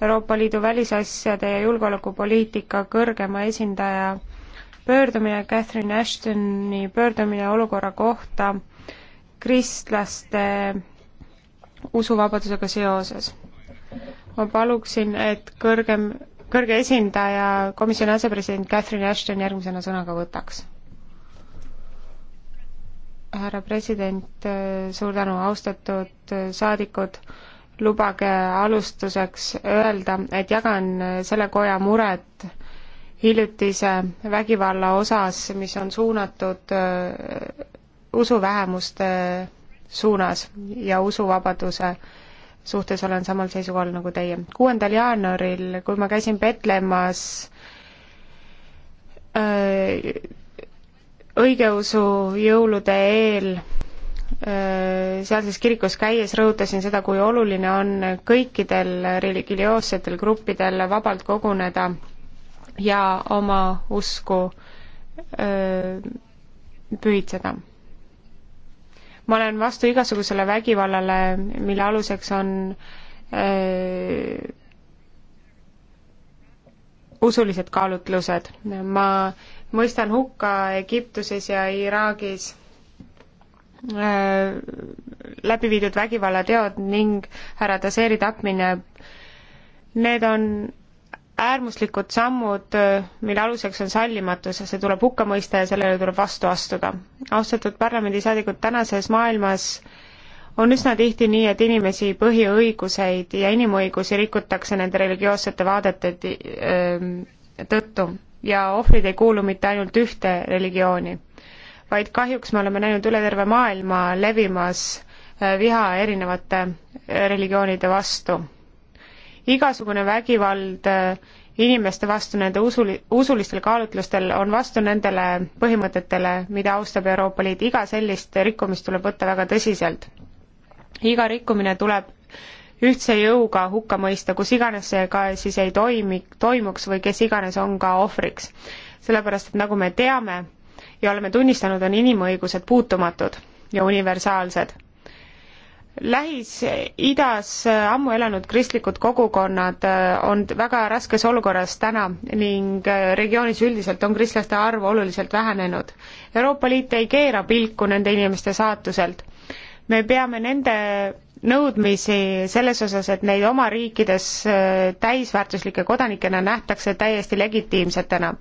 Euroopa Liidu välisasjade ja julgeolekupoliitika kõrgema esindaja pöördumine, Catherine Ashtoni pöördumine olukorra kohta kristlaste usuvabadusega seoses. ma paluksin, et kõrgem, kõrge esindaja, komisjoni asepresident Catherine Ashton järgmisena sõna ka võtaks. härra president, suur tänu, austatud saadikud lubage alustuseks öelda, et jagan selle koja muret hiljutise vägivalla osas, mis on suunatud äh, usuvähemuste suunas ja usuvabaduse suhtes olen samal seisukohal nagu teie. kuuendal jaanuaril, kui ma käisin Petlemmas äh, õigeusu jõulude eel Äh, sealses kirikus käies rõhutasin seda, kui oluline on kõikidel religioossetel gruppidel vabalt koguneda ja oma usku äh, pühitseda. ma olen vastu igasugusele vägivallale, mille aluseks on öö, äh, usulised kaalutlused. ma mõistan hukka Egiptuses ja Iraagis Äh, läbi viidud vägivallateod ning härra Taseeri tapmine. Need on äärmuslikud sammud, äh, mille aluseks on sallimatus ja see tuleb hukka mõista ja sellele tuleb vastu astuda. austatud parlamendisaadikud, tänases maailmas on üsna tihti nii, et inimesi põhiõiguseid ja inimõigusi rikutakse nende religioossete vaadete äh, tõttu ja ohvrid ei kuulu mitte ainult ühte religiooni vaid kahjuks me oleme näinud üle terve maailma levimas äh, viha erinevate äh, religioonide vastu. igasugune vägivald äh, inimeste vastu nende usuli-, usulistel kaalutlustel on vastu nendele põhimõtetele, mida austab Euroopa Liit, iga sellist rikkumist tuleb võtta väga tõsiselt. iga rikkumine tuleb ühtse jõuga hukka mõista, kus iganes see ka siis ei toimi, toimuks või kes iganes on ka ohvriks. sellepärast, et nagu me teame, ja oleme tunnistanud, on inimõigused puutumatud ja universaalsed. Lähis-Idas ammu elanud kristlikud kogukonnad äh, on väga raskes olukorras täna ning äh, regioonis üldiselt on kristlaste arv oluliselt vähenenud. Euroopa Liit ei keera pilku nende inimeste saatuselt. me peame nende nõudmisi selles osas, et neid oma riikides äh, täisväärtuslike kodanikena nähtakse täiesti legitiimsetena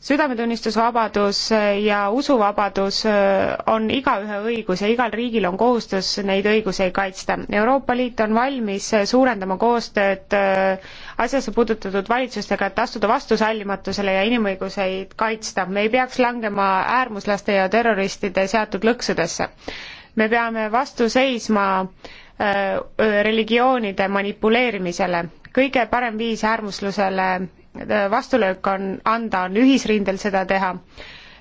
südametunnistusvabadus äh, ja usuvabadus äh, on igaühe õigus ja igal riigil on kohustus neid õigusi kaitsta. Euroopa Liit on valmis äh, suurendama koostööd asjasse puudutatud valitsustega, et astuda vastu sallimatusele ja inimõiguseid kaitsta. me ei peaks langema äärmuslaste ja terroristide seatud lõksudesse. me peame vastu seisma religioonide manipuleerimisele. kõige parem viis äärmuslusele vastulöök on, anda, on ühisrindel seda teha,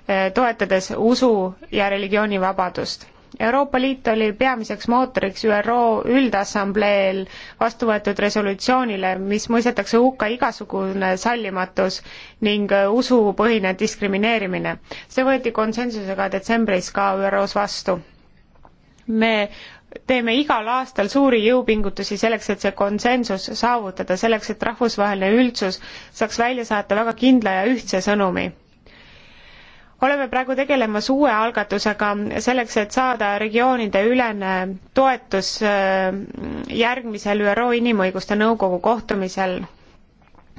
eh, toetades usu- ja religioonivabadust. Euroopa Liit oli peamiseks mootoriks ÜRO Üldassambleel vastu võetud resolutsioonile, mis mõistetakse hukka igasugune sallimatus ning usupõhine diskrimineerimine. see võeti konsensusega detsembris ka ÜRO-s vastu. me teeme igal aastal suuri jõupingutusi selleks, et see konsensus saavutada, selleks, et rahvusvaheline üldsus saaks välja saata väga kindla ja ühtse sõnumi. oleme praegu tegelemas uue algatusega selleks, et saada regioonide ülene toetus äh, järgmisel ÜRO Inimõiguste Nõukogu kohtumisel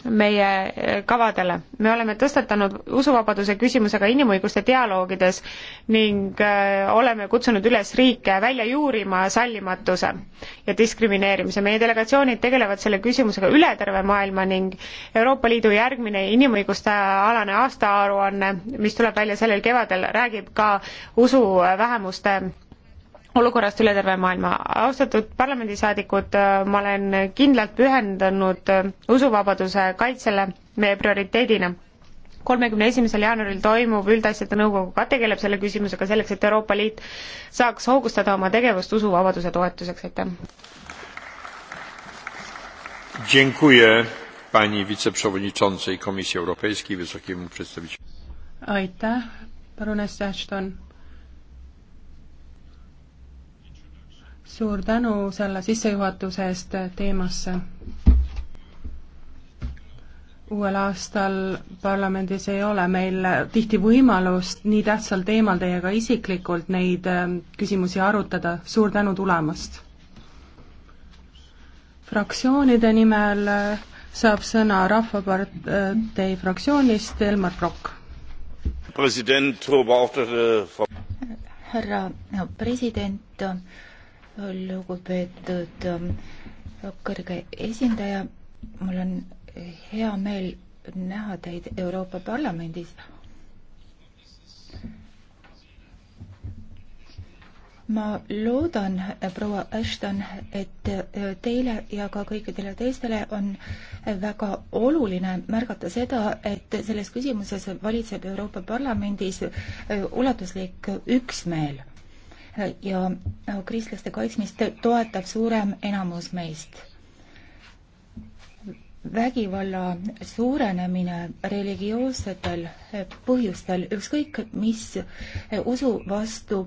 meie eh, kavadele. me oleme tõstatanud usuvabaduse küsimuse ka inimõiguste dialoogides ning eh, oleme kutsunud üles riike välja juurima sallimatuse ja diskrimineerimise. meie delegatsioonid tegelevad selle küsimusega üle terve maailma ning Euroopa Liidu järgmine inimõiguste alane aastaaruanne, mis tuleb välja sellel kevadel, räägib ka usuvähemuste olukorrast üle terve maailma. austatud parlamendisaadikud, äh, ma olen kindlalt pühendunud äh, usuvabaduse kaitsele meie prioriteedina. kolmekümne esimesel jaanuaril toimuv üldasjade nõukogu ka tegeleb selle küsimusega selleks, et Euroopa Liit saaks hoogustada oma tegevust usuvabaduse toetuseks, aitäh. Dziękuję pani wiceprzewodniczącej Komisji Europejskiej, wysokiemu przedstawicielowi. Aitäh, baroness Ashton suur tänu selle sissejuhatuse eest teemasse. uuel aastal parlamendis ei ole meil tihti võimalust nii tähtsal teemal teiega isiklikult neid ähm, küsimusi arutada, suur tänu tulemast! fraktsioonide nimel äh, saab sõna Rahvapartei fraktsioonist Elmar Brokk. president, härra president, lugupeetud ähm, kõrge esindaja, mul on hea meel näha teid Euroopa Parlamendis. ma loodan, proua Ashton, et äh, teile ja ka kõikidele teistele on väga oluline märgata seda, et selles küsimuses valitseb Euroopa Parlamendis äh, ulatuslik üksmeel ja kristlaste kaitsmist toetab suurem enamus meist. vägivalla suurenemine religioossetel põhjustel, ükskõik mis usu vastu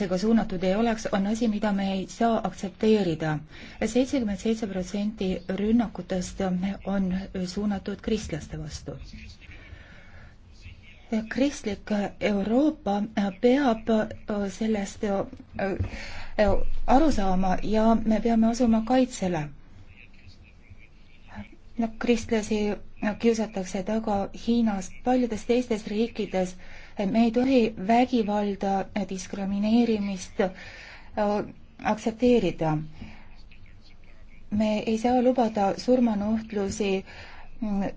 see ka suunatud ei oleks, on asi, mida me ei saa aktsepteerida. seitsekümmend seitse protsenti rünnakutest on suunatud kristlaste vastu kristlik Euroopa peab äh, sellest äh, äh, aru saama ja me peame asuma kaitsele. kristlasi kiusatakse taga Hiinas, paljudes teistes riikides. me ei tohi vägivalda, diskrimineerimist aktsepteerida. me ei saa lubada surmanuhtlusi äh,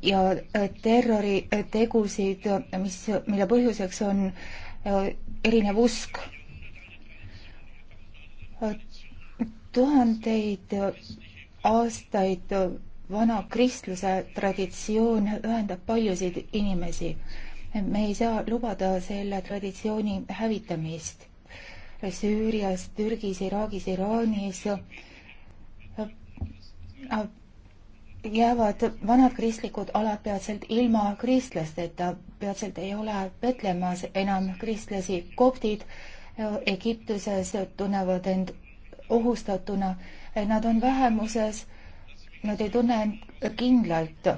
ja äh, terroritegusid, mis, mille põhjuseks on äh, erinev usk. tuhandeid aastaid vana kristluse traditsioon ühendab paljusid inimesi. me ei saa lubada selle traditsiooni hävitamist. Süürias, Türgis, Iraagis, Iraanis äh, jäävad vanad kristlikud alad peatselt ilma kristlasteta, peatselt ei ole Petlemmas enam kristlasi, koptid äh, Egiptuses tunnevad end ohustatuna, äh, nad on vähemuses, nad ei tunne end kindlalt. Äh,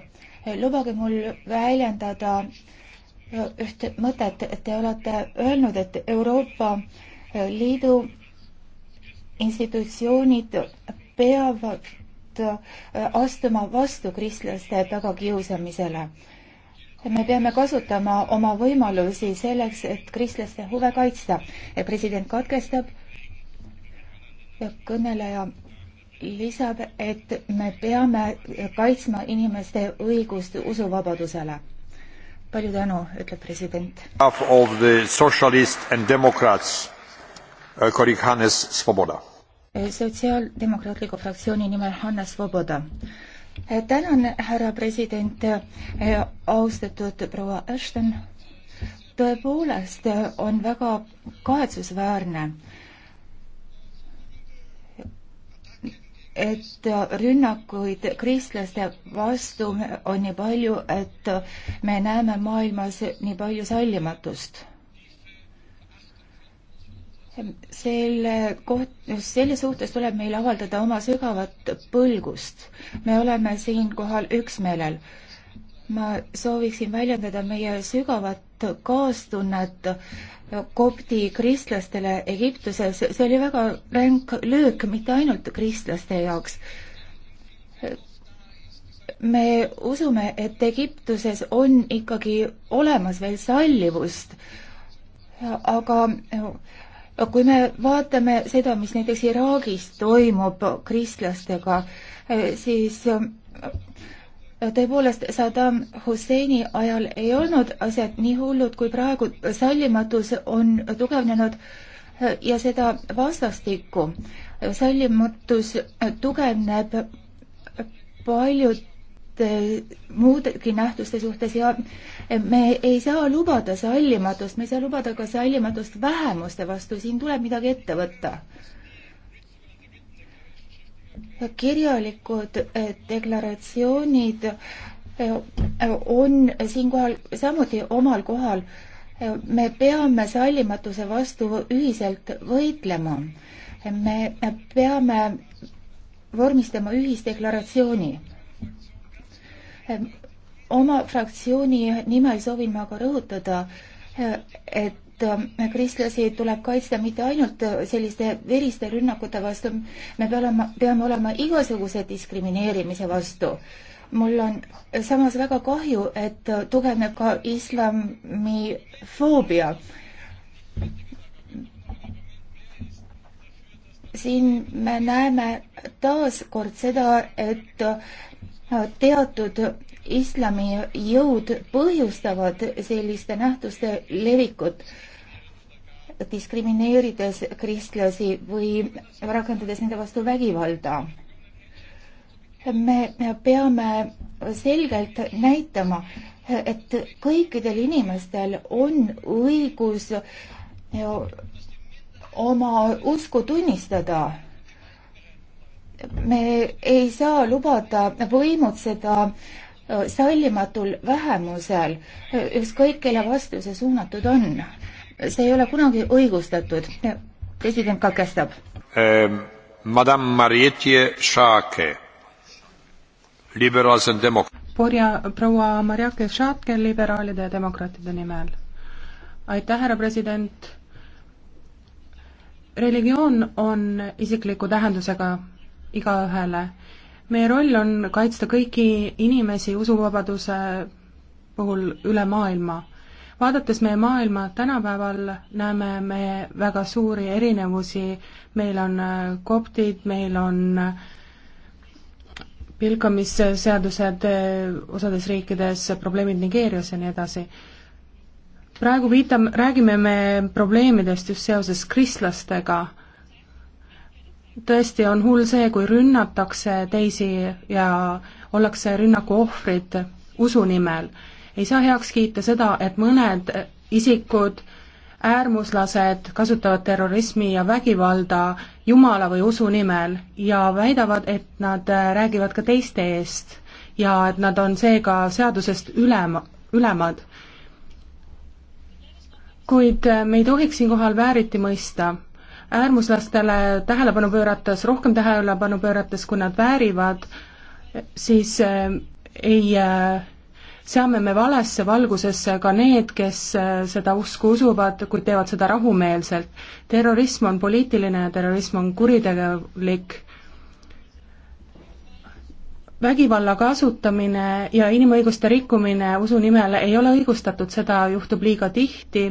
lubage mul väljendada üht mõtet, te olete öelnud, et Euroopa Liidu institutsioonid peavad Äh, astuma vastu kristlaste tagakiusamisele. me peame kasutama oma võimalusi selleks, et kristlaste huve kaitsta. president katkestab ja kõneleja lisab, et me peame kaitsma inimeste õigust usuvabadusele. palju tänu, ütleb president. of the socialist and democrats, äh, Corik Hannes Svoboda Eh, sotsiaaldemokraatliku fraktsiooni nimel Hanna Svoboda. Eh, tänan, härra president, eh, austatud proua Ashton. tõepoolest on väga kahetsusväärne, et rünnakuid kristlaste vastu on nii palju, et me näeme maailmas nii palju sallimatust selle koht, selle suhtes tuleb meil avaldada oma sügavat põlgust. me oleme siinkohal üksmeelel. ma sooviksin väljendada meie sügavat kaastunnet kopti kristlastele Egiptuses, see oli väga ränk löök, mitte ainult kristlaste jaoks. me usume, et Egiptuses on ikkagi olemas veel sallivust, aga kui me vaatame seda, mis näiteks Iraagis toimub kristlastega, eh, siis eh, tõepoolest Saddam Husseini ajal ei olnud asjad nii hullud kui praegu, sallimatus on tugevnenud eh, ja seda vastastikku. sallimatus tugevneb paljud Eh, muudegi nähtuste suhtes ja eh, me ei saa lubada sallimatust, me ei saa lubada ka sallimatust vähemuste vastu, siin tuleb midagi ette võtta. kirjalikud eh, deklaratsioonid on siinkohal samuti omal kohal. me peame sallimatuse vastu ühiselt võitlema. me peame vormistama ühisdeklaratsiooni oma fraktsiooni nimel soovin ma ka rõhutada, e, et e, kristlasi tuleb kaitsta mitte ainult e, selliste veriste rünnakute vastu, me peame olema, peame olema igasuguse diskrimineerimise vastu. mul on samas väga kahju, et tugevneb ka islamifoobia. siin me näeme taaskord seda, et teatud islami jõud põhjustavad selliste nähtuste levikut, diskrimineerides kristlasi või rakendades nende vastu vägivalda. me peame selgelt näitama, et kõikidel inimestel on õigus oma usku tunnistada me ei saa lubada võimutseda äh, sallimatul vähemusel, äh, ükskõik kelle vastu see suunatud on. see ei ole kunagi õigustatud. president katkestab ähm,. Madame Marietje Šaake, liberaalse demok-. Porja, proua Mariake Šaake liberaalide ja demokraatide nimel. aitäh, härra president religioon on isikliku tähendusega igaühele. meie roll on kaitsta kõiki inimesi usuvabaduse puhul üle maailma. vaadates meie maailma tänapäeval, näeme me väga suuri erinevusi, meil on äh, koptid, meil on äh, pilkamisseadused äh, osades riikides, probleemid Nigeerias ja nii edasi praegu viitame, räägime me probleemidest just seoses kristlastega tõesti on hull see, kui rünnatakse teisi ja ollakse rünnaku ohvrid usu nimel. ei saa heaks kiita seda, et mõned isikud, äärmuslased kasutavad terrorismi ja vägivalda jumala või usu nimel ja väidavad, et nad räägivad ka teiste eest ja et nad on seega seadusest ülema, ülemad. kuid me ei tohiks siinkohal vääriti mõista äärmuslastele tähelepanu pöörates, rohkem tähelepanu pöörates, kui nad väärivad, siis eh, ei eh, seame me valesse valgusesse ka need, kes eh, seda usku usuvad, kuid teevad seda rahumeelselt. terrorism on poliitiline ja terrorism on kuritegelik. vägivalla kasutamine ja inimõiguste rikkumine usu nimel ei ole õigustatud, seda juhtub liiga tihti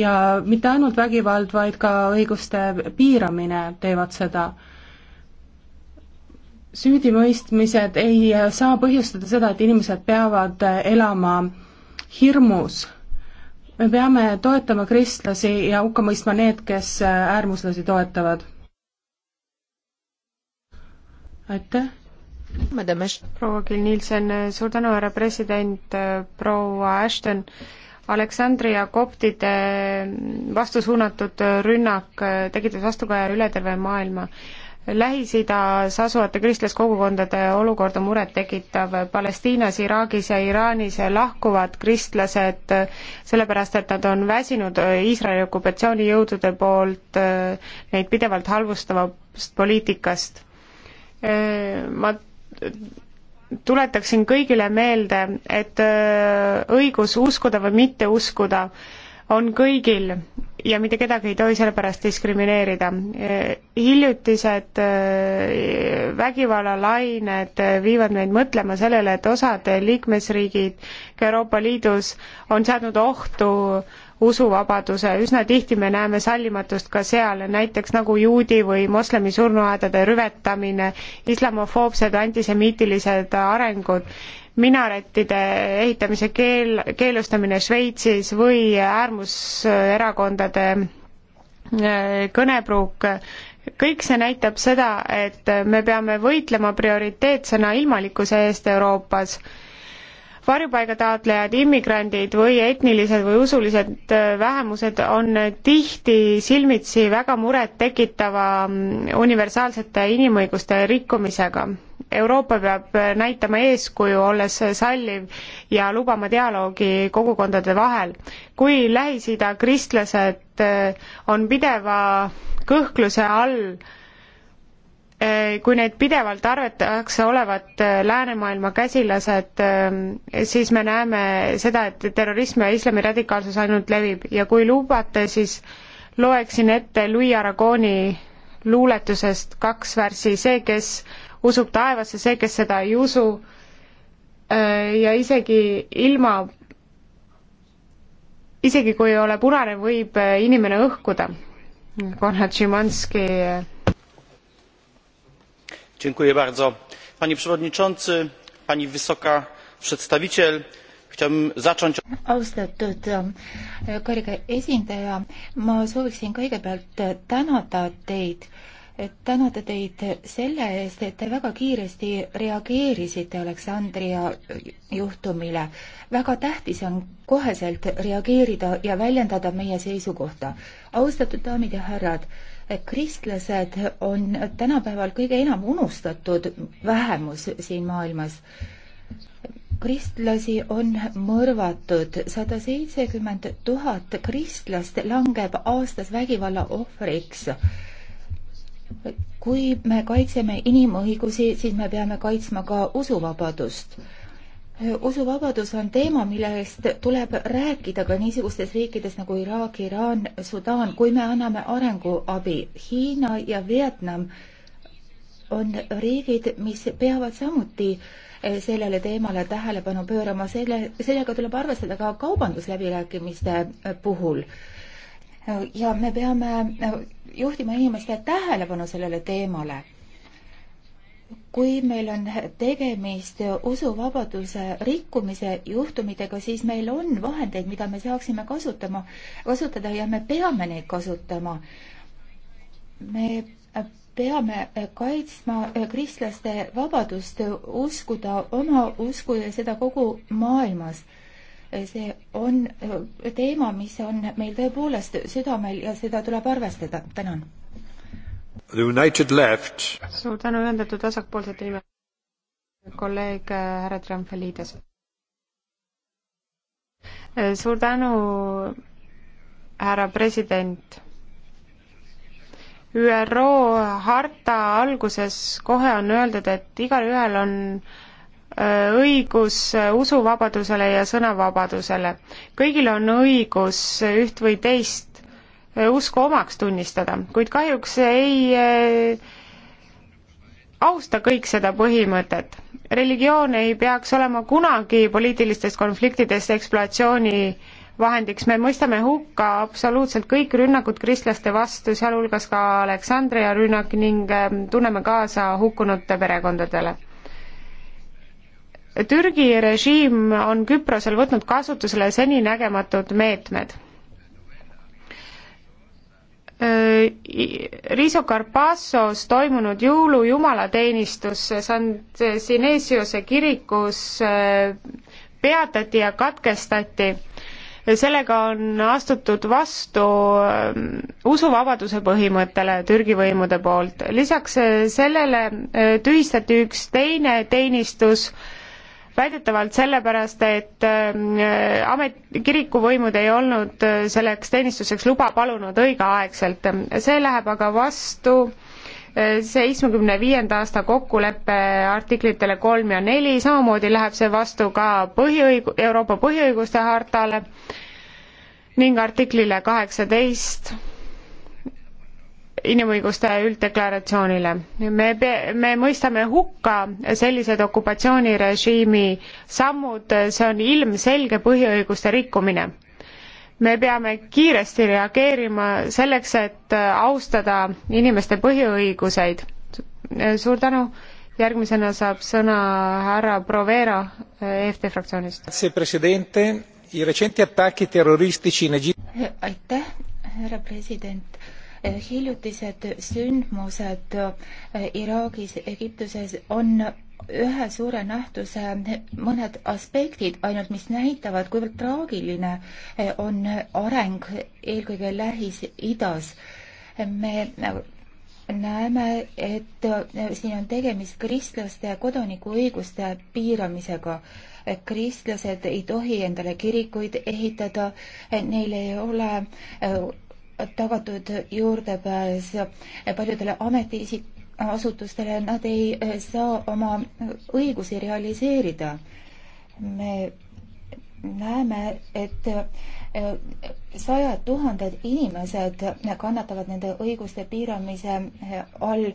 ja mitte ainult vägivald, vaid ka õiguste piiramine teevad seda. süüdimõistmised ei saa põhjustada seda, et inimesed peavad elama hirmus. me peame toetama kristlasi ja hukka mõistma need, kes äärmuslasi toetavad. aitäh proua Kill-Nielsen, suur tänu, härra president, proua Ashton. Aleksandria koptide vastu suunatud rünnak tekitas vastukaja üle terve maailma. Lähis-Idas asuvate kristlaskogukondade olukord on murettekitav. Palestiinas, Iraagis ja Iraanis lahkuvad kristlased sellepärast, et nad on väsinud Iisraeli okupatsioonijõudude poolt neid pidevalt halvustavast poliitikast. Ma tuletaksin kõigile meelde, et äh, õigus uskuda või mitte uskuda on kõigil ja mitte kedagi ei tohi selle pärast diskrimineerida. Äh, hiljutised äh, vägivallalained viivad meid mõtlema sellele, et osad liikmesriigid ka Euroopa Liidus on seadnud ohtu usuvabaduse, üsna tihti me näeme sallimatust ka seal, näiteks nagu juudi või moslemi surnuaedade rüvetamine, islamofoobsed antisemiitilised arengud, minaretide ehitamise keel, keelustamine Šveitsis või äärmuserakondade äh, kõnepruuk, kõik see näitab seda, et me peame võitlema prioriteetsena ilmalikkuse eest Euroopas varjupaigataotlejad, immigrandid või etnilised või usulised äh, vähemused on tihti silmitsi väga murettekitava mm, universaalsete inimõiguste rikkumisega. Euroopa peab äh, näitama eeskuju, olles salliv ja lubama dialoogi kogukondade vahel. kui Lähis-Ida kristlased äh, on pideva kõhkluse all Äh, kui neid pidevalt arvatakse olevat äh, läänemaailma käsilased, ähm, siis me näeme seda, et terrorism ja islami radikaalsus ainult levib ja kui lubate, siis loeksin ette Louis Aragooni luuletusest kaks värssi, see, kes usub taevasse, see, kes seda ei usu äh, ja isegi ilma, isegi kui ei ole punane, võib inimene õhkuda. Konrad Šimanski panie przewodniczący pani wysoka przedstawiciel! chciałbym zacząć. austatud um, kõrge esindaja ma sooviksin kõigepealt äh, tänada teid tänada teid selle eest et te väga kiiresti reageerisite Aleksandria äh, juhtumile väga tähtis on koheselt reageerida ja väljendada meie seisukohta austatud daamid ja härrad kristlased on tänapäeval kõige enam unustatud vähemus siin maailmas. kristlasi on mõrvatud, sada seitsekümmend tuhat kristlast langeb aastas vägivalla ohvriks kui me kaitseme inimõigusi, siis me peame kaitsma ka usuvabadust usuvabadus on teema, millest tuleb rääkida ka niisugustes riikides nagu Iraak, Iraan, Sudaan, kui me anname arenguabi. Hiina ja Vietnam on riigid, mis peavad samuti eh, sellele teemale tähelepanu pöörama, selle, sellega tuleb arvestada ka kaubandusläbirääkimiste eh, puhul. ja me peame eh, juhtima inimeste tähelepanu sellele teemale kui meil on tegemist usuvabaduse rikkumise juhtumitega, siis meil on vahendeid, mida me saaksime kasutama, kasutada ja me peame neid kasutama. me peame kaitsma kristlaste vabadust uskuda oma usku ja seda kogu maailmas. see on teema, mis on meil tõepoolest südamel ja seda tuleb arvestada. tänan suur tänu ühendatud vasakpoolsete nimel, kolleeg äh, härra Trump-Liides. Äh, suur tänu, härra president ÜRO harta alguses kohe on öeldud, et igalühel on äh, õigus usuvabadusele ja sõnavabadusele. kõigil on õigus üht või teist Äh, usku omaks tunnistada, kuid kahjuks ei äh, austa kõik seda põhimõtet. religioon ei peaks olema kunagi poliitilistes konfliktides ekspluatsiooni vahendiks, me mõistame hukka absoluutselt kõik rünnakud kristlaste vastu, sealhulgas ka Aleksandria rünnak ning ähm, tunneme kaasa hukkunute perekondadele. Türgi režiim on Küprosel võtnud kasutusele seninägematud meetmed Äh, Riso Karpassos toimunud jõulujumalateenistus San Sinesiose kirikus äh, peatati ja katkestati. sellega on astutud vastu äh, usuvabaduse põhimõttele Türgi võimude poolt. lisaks sellele tühistati üks teine teenistus, väidetavalt sellepärast, et äh, amet, kirikuvõimud ei olnud äh, selleks teenistuseks luba palunud õigeaegselt. see läheb aga vastu äh, seitsmekümne viienda aasta kokkuleppe artiklitele kolm ja neli, samamoodi läheb see vastu ka põhiõigu-, Euroopa põhiõiguste hartale ning artiklile kaheksateist 18 inimõiguste ülddeklaratsioonile. me, me mõistame hukka sellised okupatsioonirežiimi sammud, see on ilmselge põhiõiguste rikkumine. me peame kiiresti reageerima selleks, et austada inimeste põhiõiguseid. suur tänu, järgmisena saab sõna härra Provera EFT fraktsioonist. aitäh, härra president Eh, hiljutised sündmused eh, Iraagis, Egiptuses on ühe suure nähtuse mõned aspektid ainult, mis näitavad, kuivõrd traagiline eh, on areng eelkõige Lähis-Idas. me nagu näeme, et siin on tegemist kristlaste kodanikuõiguste piiramisega. kristlased ei tohi endale kirikuid ehitada, neil ei ole tagatud juurdepääs paljudele ametiasutustele, nad ei eh, saa oma õigusi realiseerida. me näeme, et eh, sajad tuhanded inimesed kannatavad nende õiguste piiramise eh, all.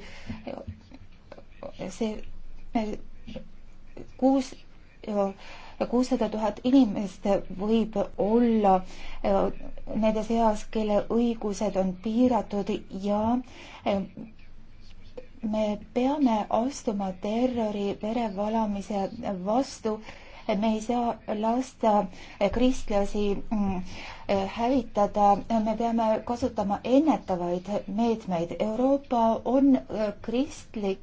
see kuus kuussada tuhat inimest võib olla äh, nende seas, kelle õigused on piiratud ja äh, me peame astuma terrori verevalamise vastu me ei saa lasta äh, kristlasi mm, hävitada, me peame kasutama ennetavaid meetmeid. Euroopa on kristlik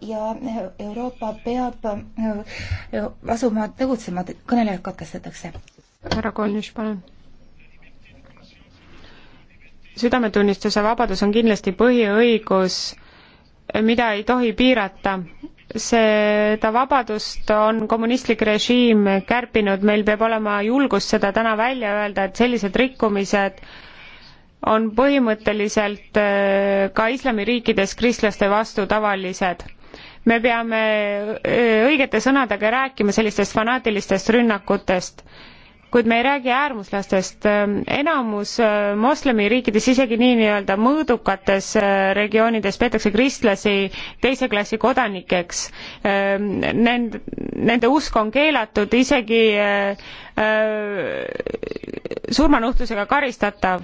ja Euroopa peab äh, asuma tegutsema, kõnelejad katkestatakse. härra Kolnis, palun südametunnistuse vabadus on kindlasti põhiõigus, mida ei tohi piirata. seda vabadust on kommunistlik režiim kärpinud, meil peab olema julgust seda täna välja öelda, et sellised rikkumised äh, on põhimõtteliselt äh, ka islamiriikides kristlaste vastu tavalised. me peame äh, õigete sõnadega rääkima sellistest fanaatilistest rünnakutest, kuid me ei räägi äärmuslastest. enamus äh, moslemiriikides, isegi nii-öelda mõõdukates regioonides peetakse kristlasi teise klassi kodanikeks. Nend-, nende usk on keelatud, isegi surmanuhtlusega karistatav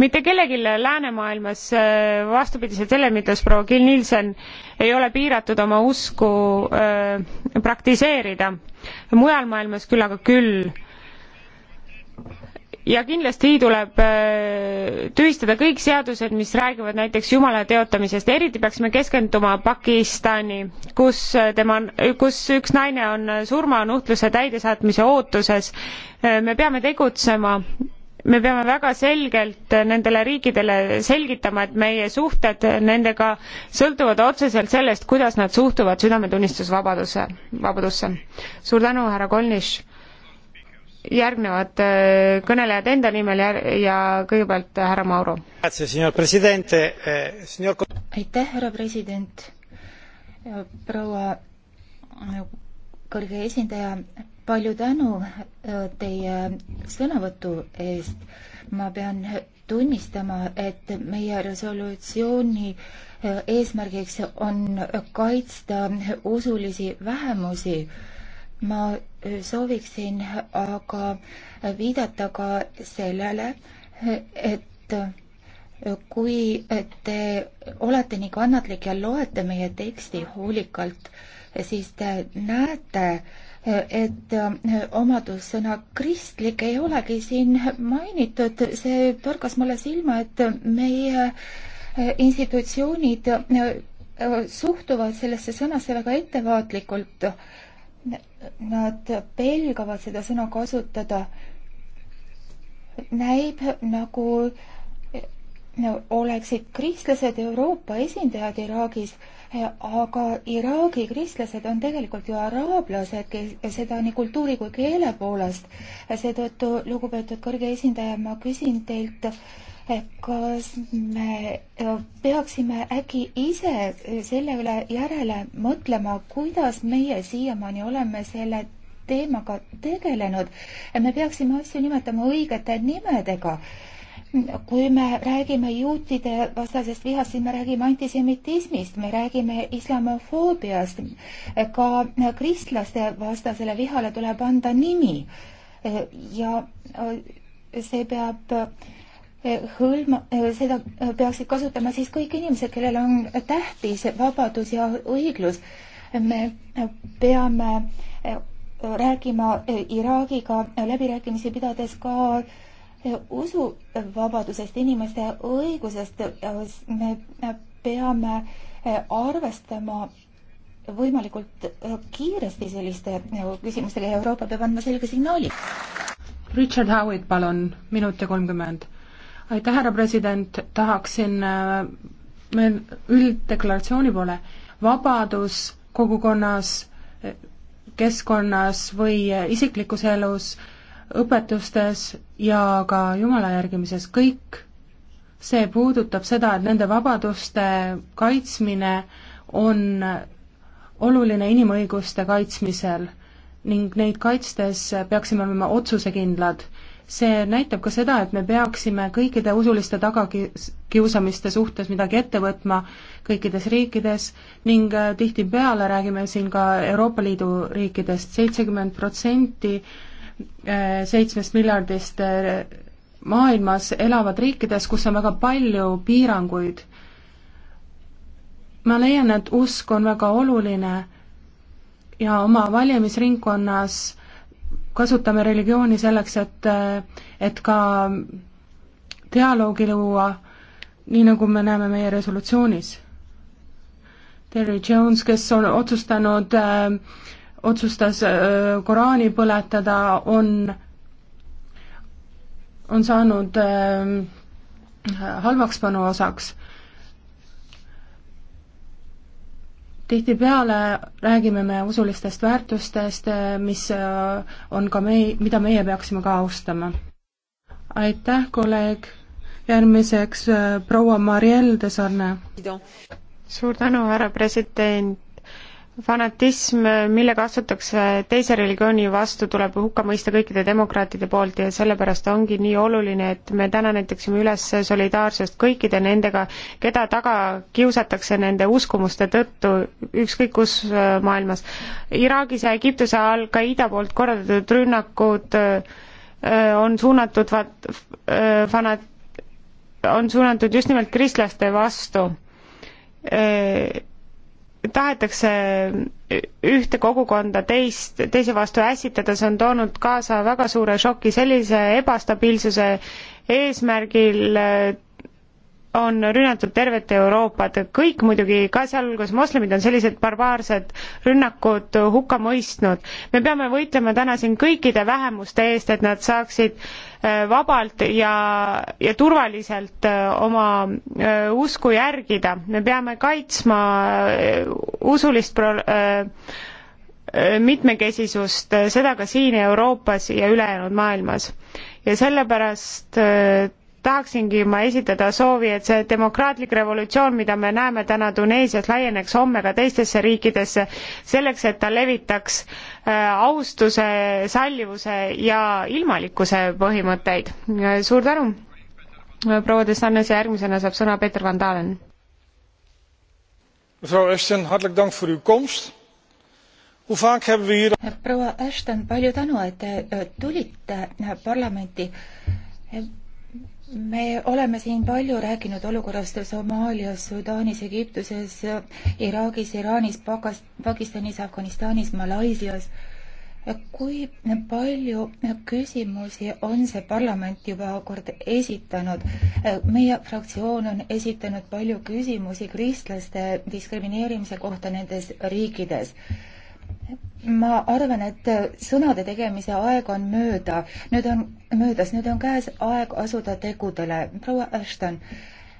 mitte kellelgi läänemaailmas äh, vastupidiselt sellele mida proua kill nielsen ei ole piiratud oma usku öö, äh, praktiseerida mujal maailmas küll aga küll ja kindlasti tuleb äh, tühistada kõik seadused, mis räägivad näiteks jumala teotamisest, eriti peaksime keskenduma Pakistani, kus tema, kus üks naine on surmanuhtluse täidesaatmise ootuses. me peame tegutsema me peame väga selgelt nendele riikidele selgitama, et meie suhted nendega sõltuvad otseselt sellest, kuidas nad suhtuvad südametunnistusvabaduse, vabadusse. suur tänu, härra Kolniš. järgnevad äh, kõnelejad enda nimel ja, ja kõigepealt härra Mauro. Eh, aitäh, härra president. proua äh, kõrge esindaja, palju tänu äh, teie sõnavõtu eest. ma pean tunnistama, et meie resolutsiooni äh, eesmärgiks on kaitsta usulisi vähemusi. ma äh, sooviksin aga viidata ka sellele, et kui te olete nii kannatlik ja loete meie teksti hoolikalt, siis te näete, et äh, omadussõna kristlik ei olegi siin mainitud, see torkas mulle silma, et meie äh, institutsioonid äh, suhtuvad sellesse sõnasse väga ettevaatlikult. Nad pelgavad seda sõna kasutada. näib nagu no, oleksid kristlased Euroopa esindajad Iraagis aga Iraagi kristlased on tegelikult ju araablased, kes seda nii kultuuri kui keele poolest. seetõttu, lugupeetud kõrge esindaja, ma küsin teilt, kas me äh, peaksime äkki ise äh, selle üle järele mõtlema, kuidas meie siiamaani oleme selle teemaga tegelenud. me peaksime asju nimetama õigete nimedega kui me räägime juutide vastasest vihast, siis me räägime antisemitismist, me räägime islamofoobiast. ka kristlaste vastasele vihale tuleb anda nimi. ja äh, see peab äh, hõlma, äh, seda peaksid kasutama siis kõik inimesed, kellel on tähtis vabadus ja õiglus. me peame rääkima Iraagiga läbirääkimisi pidades ka äh, usuvabadusest, inimeste õigusest, me peame eh, arvestama võimalikult eh, kiiresti selliste eh, küsimustega ja Euroopa peab andma selge signaali. Richard Howitt, palun, minut ja kolmkümmend. aitäh, härra president, tahaksin ülddeklaratsiooni poole, vabadus kogukonnas, keskkonnas või isiklikus elus äh, õpetustes ja ka Jumala järgimises, kõik see puudutab seda, et nende vabaduste kaitsmine on oluline inimõiguste kaitsmisel ning neid kaitstes peaksime olema otsusekindlad. see näitab ka seda, et me peaksime kõikide usuliste tagakiusamiste suhtes midagi ette võtma kõikides riikides ning äh, tihtipeale räägime siin ka Euroopa Liidu riikidest, seitsekümmend protsenti Eh, seitsmest miljardist eh, maailmas elavad riikides, kus on väga palju piiranguid. ma leian, et usk on väga oluline ja oma valimisringkonnas kasutame religiooni selleks, et, eh, et ka dialoogi luua, nii nagu me näeme meie resolutsioonis. Terry Jones, kes on otsustanud äh, otsustas Koraani põletada, on, on saanud halvakspanu osaks. tihtipeale räägime me usulistest väärtustest, mis on ka mei-, mida meie peaksime ka austama. aitäh, kolleeg, järgmiseks proua Marielle Desarne. suur tänu, härra president fanatism, millega astutakse teise religiooni vastu, tuleb hukka mõista kõikide demokraatide poolt ja sellepärast ongi nii oluline, et me täna näitaksime üles solidaarsust kõikide nendega, keda taga kiusatakse nende uskumuste tõttu ükskõik kus äh, maailmas. Iraagis ja Egiptuse Al-Qaeda poolt korraldatud rünnakud äh, on suunatud vaat-, äh, fanat-, on suunatud just nimelt kristlaste vastu tahetakse ühte kogukonda teist, teise vastu ässitada, see on toonud kaasa väga suure šoki, sellise ebastabiilsuse eesmärgil eh, on rünnatud tervet Euroopat, kõik muidugi, ka sealhulgas moslemid on sellised barbaarsed rünnakud hukka mõistnud. me peame võitlema täna siin kõikide vähemuste eest, et nad saaksid äh, Äh, vabalt ja, ja turvaliselt äh, oma äh, usku järgida. me peame kaitsma usulist pro-, mitmekesisust, seda ka siin Euroopas ja ülejäänud maailmas. ja sellepärast tahaksingi ma esitada soovi, et see demokraatlik revolutsioon, mida me näeme täna Tuneesias, laieneks homme ka teistesse riikidesse, selleks et ta levitaks äh, austuse, sallivuse ja ilmalikkuse põhimõtteid. suur tänu, proua Desannes ja järgmisena saab sõna Peeter Van Dalen. mevrouw Ashton, hartelijk dank voor uw komst Hoe vaak hebben we hier... Proua Ashton, palju tänu, et te äh, tulite äh, parlamenti me oleme siin palju rääkinud olukorrast Somaalias, Sudaanis, Egiptuses, Iraagis, Iraanis, Pakistanis, Afganistanis, Malaisias. kui palju küsimusi on see parlament juba kord esitanud? meie fraktsioon on esitanud palju küsimusi kristlaste diskrimineerimise kohta nendes riikides ma arvan, et sõnade tegemise aeg on mööda, nüüd on möödas, nüüd on käes aeg asuda tegudele. proua Ashton,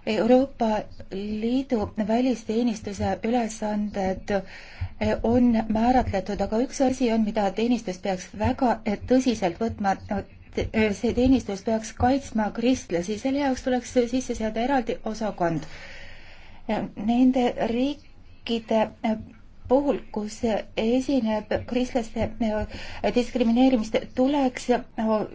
Euroopa Liidu välisteenistuse ülesanded on määratletud, aga üks asi on, mida teenistus peaks väga tõsiselt võtma, see teenistus peaks kaitsma kristlasi, selle jaoks tuleks sisse seada eraldi osakond. Nende riikide puhul, kus esineb kristlaste äh, diskrimineerimist, tuleks äh,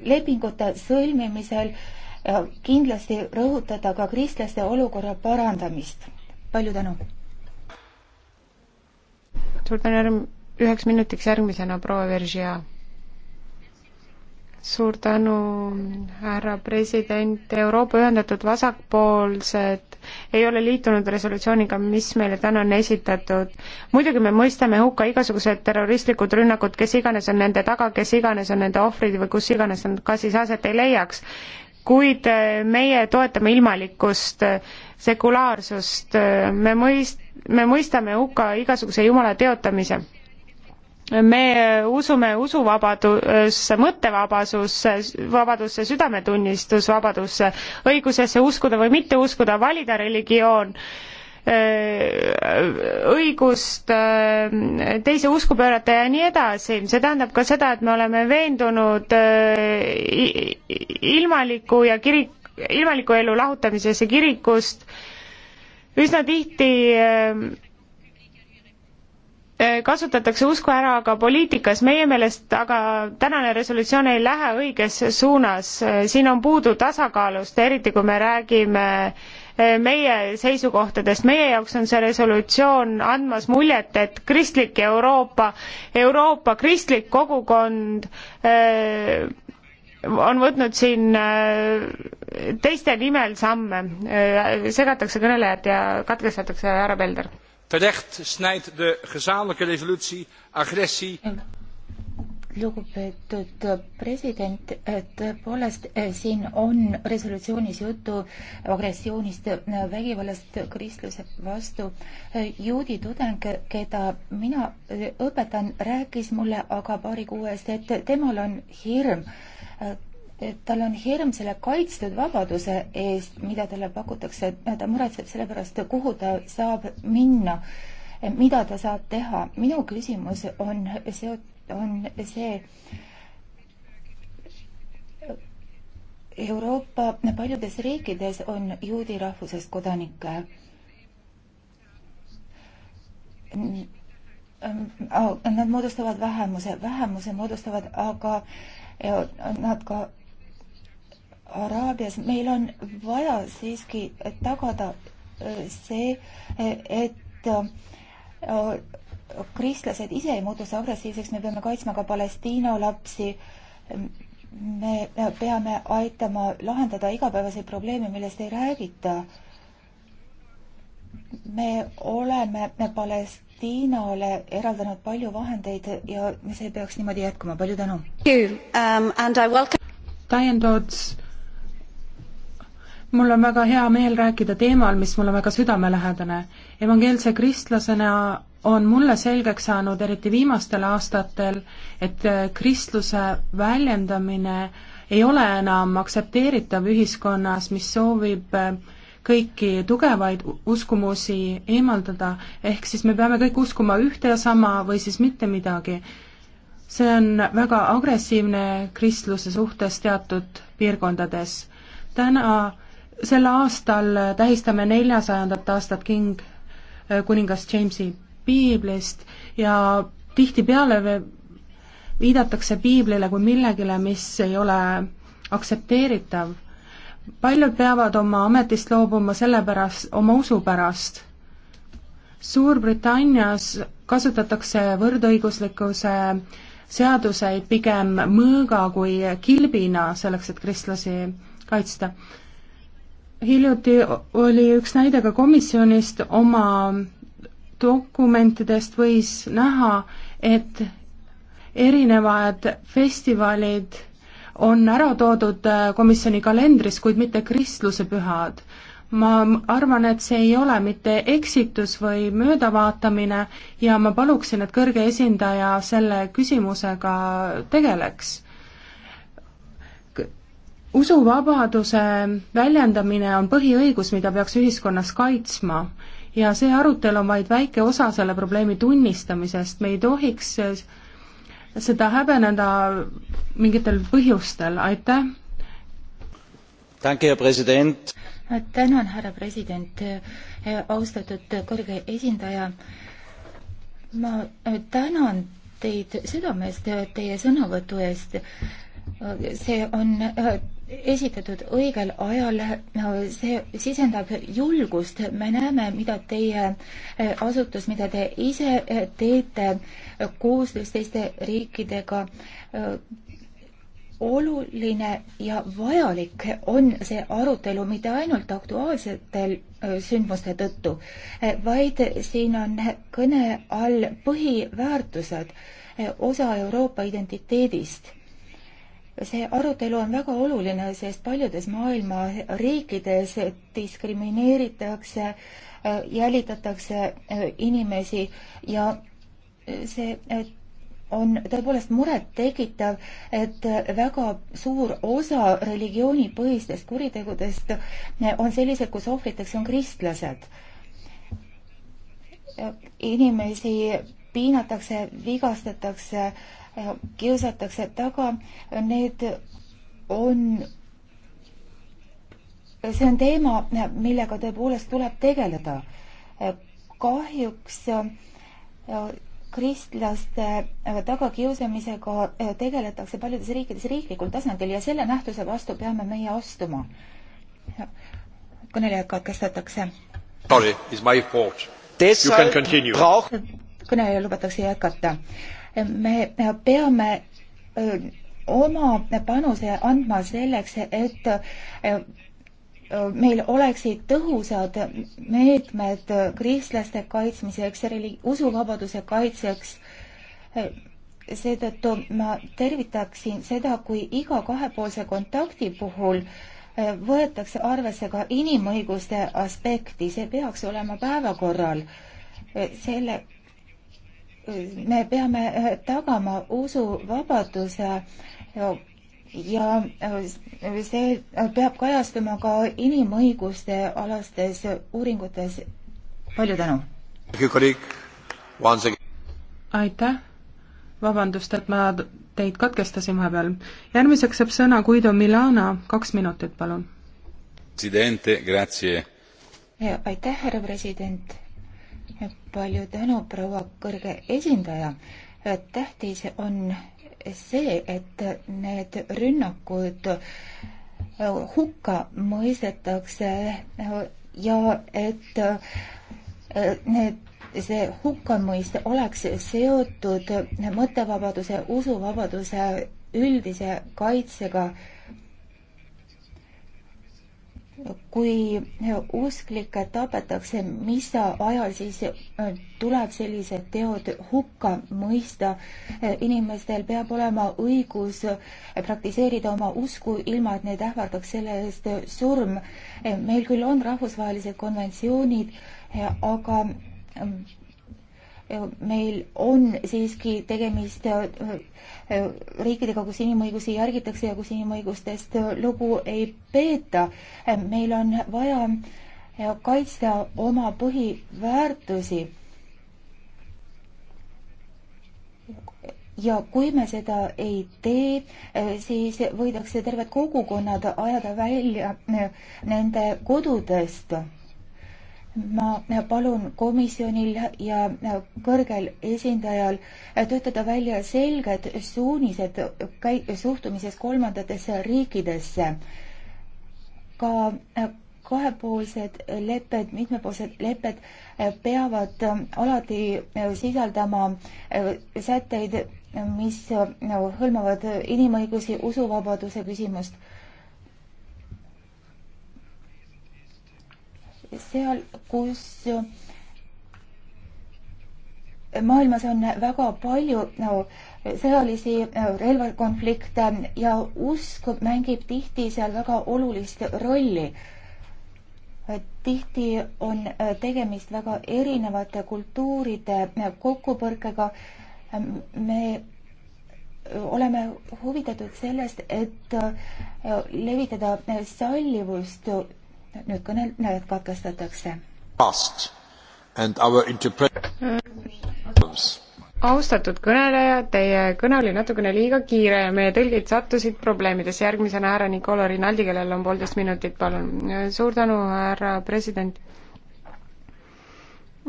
lepingute sõlmimisel äh, kindlasti rõhutada ka kristlaste olukorra parandamist. palju tänu! suur tänu, üheks minutiks järgmisena proua Veržia suur tänu, härra president, Euroopa Ühendatud Vasakpoolsed ei ole liitunud resolutsiooniga, mis meile täna on esitatud. muidugi me mõistame hukka igasugused terroristlikud rünnakud, kes iganes on nende taga, kes iganes on nende ohvrid või kus iganes nad ka siis aset ei leiaks, kuid eh, meie toetame ilmalikkust, eh, sekulaarsust, eh, me mõist-, me mõistame hukka igasuguse jumala teotamise me usume usuvabadusse, mõttevabadusse, vabadusse, südametunnistusvabadusse, õigusesse uskuda või mitte uskuda, valida religioon, äh, õigust äh, teise usku pöörata ja nii edasi. see tähendab ka seda, et me oleme veendunud äh, ilmaliku ja kirik, ilmaliku elu lahutamises ja kirikust üsna tihti Äh, kasutatakse usku ära ka poliitikas, meie meelest aga tänane resolutsioon ei lähe õiges suunas, äh, siin on puudu tasakaalust, eriti kui me räägime äh, meie seisukohtadest, meie jaoks on see resolutsioon andmas muljet, et kristlik Euroopa, Euroopa kristlik kogukond öö, on võtnud siin teiste nimel samme, segatakse kõnelejad ja katkestatakse härra Pelder terecht snijdt de gezamenlijke resolutie agressie. lugupeetud president, tõepoolest eh, siin on resolutsioonis juttu agressioonist, eh, vägivallast kristluse vastu. Eh, juudi tudeng, keda mina õpetan, rääkis mulle aga paari kuu eest, et temal on hirm et tal on hirm selle kaitstud vabaduse eest, mida talle pakutakse, ta muretseb selle pärast, kuhu ta saab minna, mida ta saab teha. minu küsimus on seot-, on see Euroopa paljudes riikides on juudi rahvusest kodanikke nad moodustavad vähemuse, vähemuse moodustavad aga nad ka Araabias, meil on vaja siiski tagada äh, see, äh, et äh, kristlased ise ei muutuks agressiivseks, me peame kaitsma ka Palestiina lapsi. me peame aitama lahendada igapäevaseid probleeme, millest ei räägita. me oleme me Palestiinale eraldanud palju vahendeid ja see peaks niimoodi jätkuma, palju tänu. täiendavalt mul on väga hea meel rääkida teemal, mis mulle väga südamelähedane. evangeelse kristlasena on mulle selgeks saanud, eriti viimastel aastatel, et äh, kristluse väljendamine ei ole enam aktsepteeritav ühiskonnas, mis soovib äh, kõiki tugevaid uskumusi eemaldada, ehk siis me peame kõik uskuma ühte ja sama või siis mitte midagi. see on väga agressiivne kristluse suhtes teatud piirkondades. täna sel aastal tähistame neljasajandat aastat king, äh, kuningas Jamesi piiblist ja tihtipeale viidatakse piiblile kui millegile, mis ei ole aktsepteeritav. paljud peavad oma ametist loobuma selle pärast, oma usu pärast. Suurbritannias kasutatakse võrdõiguslikkuse seaduseid pigem mõõga kui kilbina, selleks et kristlasi kaitsta hiljuti oli üks näide ka komisjonist oma dokumentidest võis näha, et erinevad festivalid on ära toodud äh, komisjoni kalendris, kuid mitte kristlusepühad. ma arvan, et see ei ole mitte eksitus või möödavaatamine ja ma paluksin, et kõrge esindaja selle küsimusega tegeleks usuvabaduse väljendamine on põhiõigus, mida peaks ühiskonnas kaitsma ja see arutelu on vaid väike osa selle probleemi tunnistamisest, me ei tohiks seda häbeneda mingitel põhjustel, aitäh! tänan, härra president, austatud kõrge esindaja, ma tänan teid südamest teie sõnavõtu eest, see on esitatud õigel ajal, see sisendab julgust, me näeme, mida teie e, asutus, mida te ise e, teete e, koostöös teiste riikidega, oluline ja vajalik on see arutelu mitte ainult aktuaalsetel sündmuste tõttu, vaid siin on kõne all põhiväärtused, osa Euroopa identiteedist see arutelu on väga oluline, sest paljudes maailma riikides diskrimineeritakse, jälitatakse äh, inimesi ja see on tõepoolest murettekitav, et väga suur osa religioonipõhistest kuritegudest äh, on sellised, kus ohvriteks on kristlased. Äh, inimesi piinatakse, vigastatakse kiusatakse taga, need on, see on teema, millega tõepoolest tuleb tegeleda. kahjuks äh, kristlaste äh, tagakiusamisega äh, tegeletakse paljudes riikides riiklikul tasandil ja selle nähtuse vastu peame meie astuma. kõnelejad katkestatakse. Sorry, it's my fault. You can continue. kõneleja lubatakse jätkata me peame oma panuse andma selleks, et meil oleksid tõhusad meetmed kristlaste kaitsmiseks, usuvabaduse kaitseks. seetõttu ma tervitaksin seda, kui iga kahepoolse kontakti puhul võetakse arvesse ka inimõiguste aspekti, see peaks olema päevakorral. selle me peame eh, tagama usuvabaduse ja eh, see peab kajastuma ka inimõiguste alastes uuringutes. palju tänu! aitäh! vabandust, et ma teid katkestasin vahepeal. järgmiseks saab sõna Guido Milana, kaks minutit, palun. aitäh, härra president! palju tänu, proua kõrge esindaja. tähtis on see, et need rünnakud hukka mõistetakse ja et need, see hukkamõist oleks seotud mõttevabaduse, usuvabaduse üldise kaitsega kui usklikke tapetakse, mis ajal siis äh, tuleb sellised teod hukka mõista. Äh, inimestel peab olema õigus äh, praktiseerida oma usku, ilma et neid ähvardaks selle eest surm. meil küll on rahvusvahelised konventsioonid, aga Äh, meil on siiski tegemist äh, äh, riikidega, kus inimõigusi järgitakse ja kus inimõigustest lugu ei peeta. meil on vaja kaitsta oma põhiväärtusi. ja kui me seda ei tee, siis võidakse terved kogukonnad ajada välja nende kodudest ma palun komisjonil ja kõrgel esindajal töötada välja selged suunised suhtumises kolmandatesse riikidesse. ka kahepoolsed lepped, mitmepoolsed lepped peavad alati sisaldama sätteid, mis no, hõlmavad inimõigusi, usuvabaduse küsimust seal, kus maailmas on väga palju no, sõjalisi relvakonflikte ja usk mängib tihti seal väga olulist rolli. tihti on tegemist väga erinevate kultuuride kokkupõrkega. me oleme huvitatud sellest, et levitada sallivust nüüd kõnelejad katkestatakse. austatud kõneleja, teie kõne oli natukene liiga kiire ja meie tõlgid sattusid probleemidesse. järgmisena härra Nicola Rinaldi, kellel on poolteist minutit, palun. suur tänu, härra president.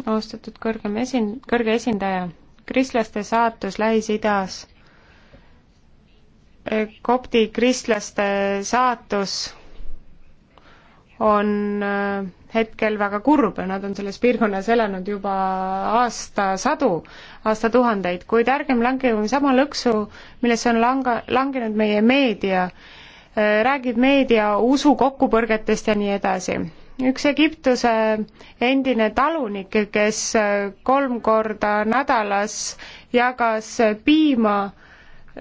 austatud kõrgem esin-, kõrge esindaja, kristlaste saatus Lähis-Idas kopti kristlaste saatus on äh, hetkel väga kurb ja nad on selles piirkonnas elanud juba aastasadu, aastatuhandeid, kuid ärgem langegem sama lõksu, millesse on langa, langenud meie meedia, äh, räägib meedia usu kokkupõrgetest ja nii edasi. üks Egiptuse endine talunik, kes äh, kolm korda nädalas jagas piima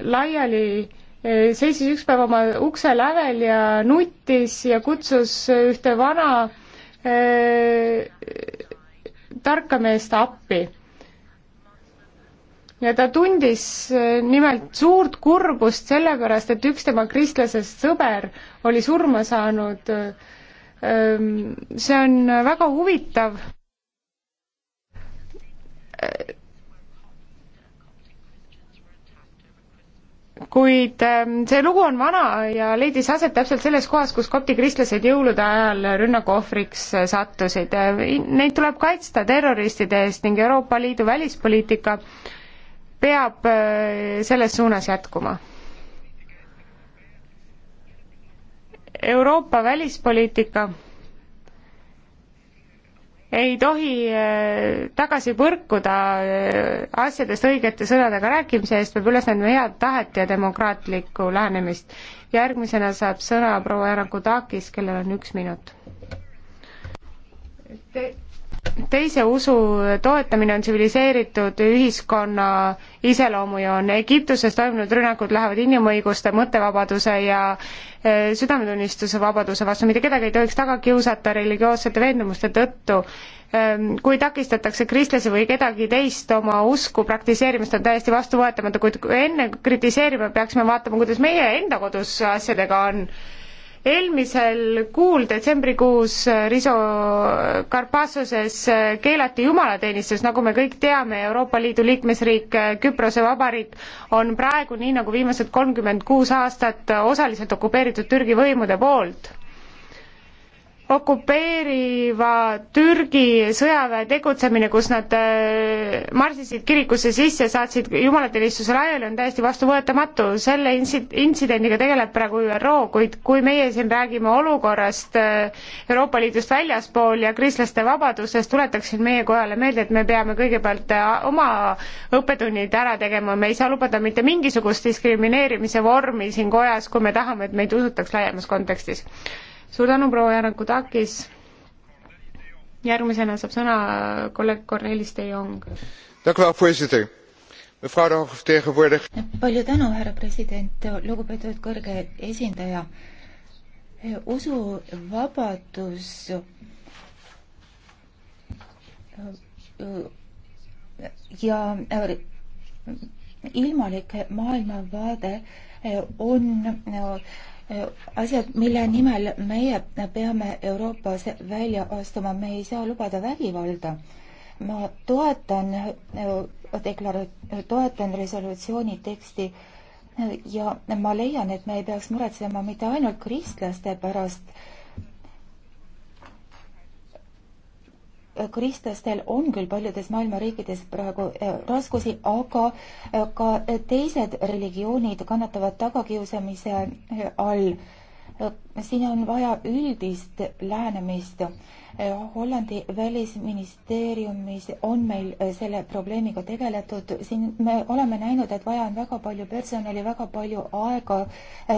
laiali seisis üks päev oma ukse lävel ja nuttis ja kutsus ühte vana äh, tarka meest appi. ja ta tundis nimelt suurt kurbust sellepärast, et üks tema kristlasest sõber oli surma saanud. see on väga huvitav kuid ähm, see lugu on vana ja leidis aset täpselt selles kohas, kus kopti kristlased jõulude ajal rünnaku ohvriks äh, sattusid. Äh, neid tuleb kaitsta terroristide eest ning Euroopa Liidu välispoliitika peab äh, selles suunas jätkuma. Euroopa välispoliitika ei tohi äh, tagasi põrkuda äh, asjadest õigete sõnadega rääkimise eest, peab üles näitama head tahet ja demokraatlikku lähenemist. järgmisena saab sõna proua Janaku Takis, kellel on üks minut Te teise usu toetamine on tsiviliseeritud ühiskonna iseloomujoon. Egiptuses toimunud rünnakud lähevad inimõiguste, mõttevabaduse ja e, südametunnistuse vabaduse vastu, mitte kedagi ei tohiks taga kiusata religioossete veendumuste tõttu. E, kui takistatakse kristlasi või kedagi teist oma usku praktiseerimist, on täiesti vastuvõetamatu, kuid enne kritiseerima peaksime vaatama, kuidas meie enda kodus asjadega on eelmisel kuul detsembrikuus äh, Riso Karpassoses äh, keelati jumalateenistus, nagu me kõik teame, Euroopa Liidu liikmesriik äh, Küprose Vabariik on praegu, nii nagu viimased kolmkümmend kuus aastat, osaliselt okupeeritud Türgi võimude poolt okupeeriva Türgi sõjaväe tegutsemine, kus nad äh, marsisid kirikusse sisse, saatsid jumalateenistuse laiali, on täiesti vastuvõetamatu. selle intsidendiga tegeleb praegu ÜRO, kuid kui meie siin räägime olukorrast äh, Euroopa Liidust väljaspool ja kristlaste vabadusest, tuletaksin meie kojale meelde, et me peame kõigepealt äh, oma õppetunnid ära tegema, me ei saa lubada mitte mingisugust diskrimineerimise vormi siin kojas, kui me tahame, et meid usutaks laiemas kontekstis suur tänu, proua Janakutakis. järgmisena saab sõna kolleeg Kornelis de Jong. palju tänu, härra president, lugupeetud kõrge esindaja. usuvabadus ja äh, ilmalik maailmavaade on äh, asjad, mille nimel meie peame Euroopas välja astuma, me ei saa lubada vägivalda. ma toetan äh, deklara-, toetan resolutsiooni teksti ja ma leian, et me ei peaks muretsema mitte ainult kristlaste pärast, kristlastel on küll paljudes maailma riikides praegu äh, raskusi, aga äh, ka teised religioonid kannatavad tagakiusamise äh, all. siin on vaja üldist lähenemist. Hollandi välisministeeriumis on meil selle probleemiga tegeletud, siin me oleme näinud, et vaja on väga palju personali, väga palju aega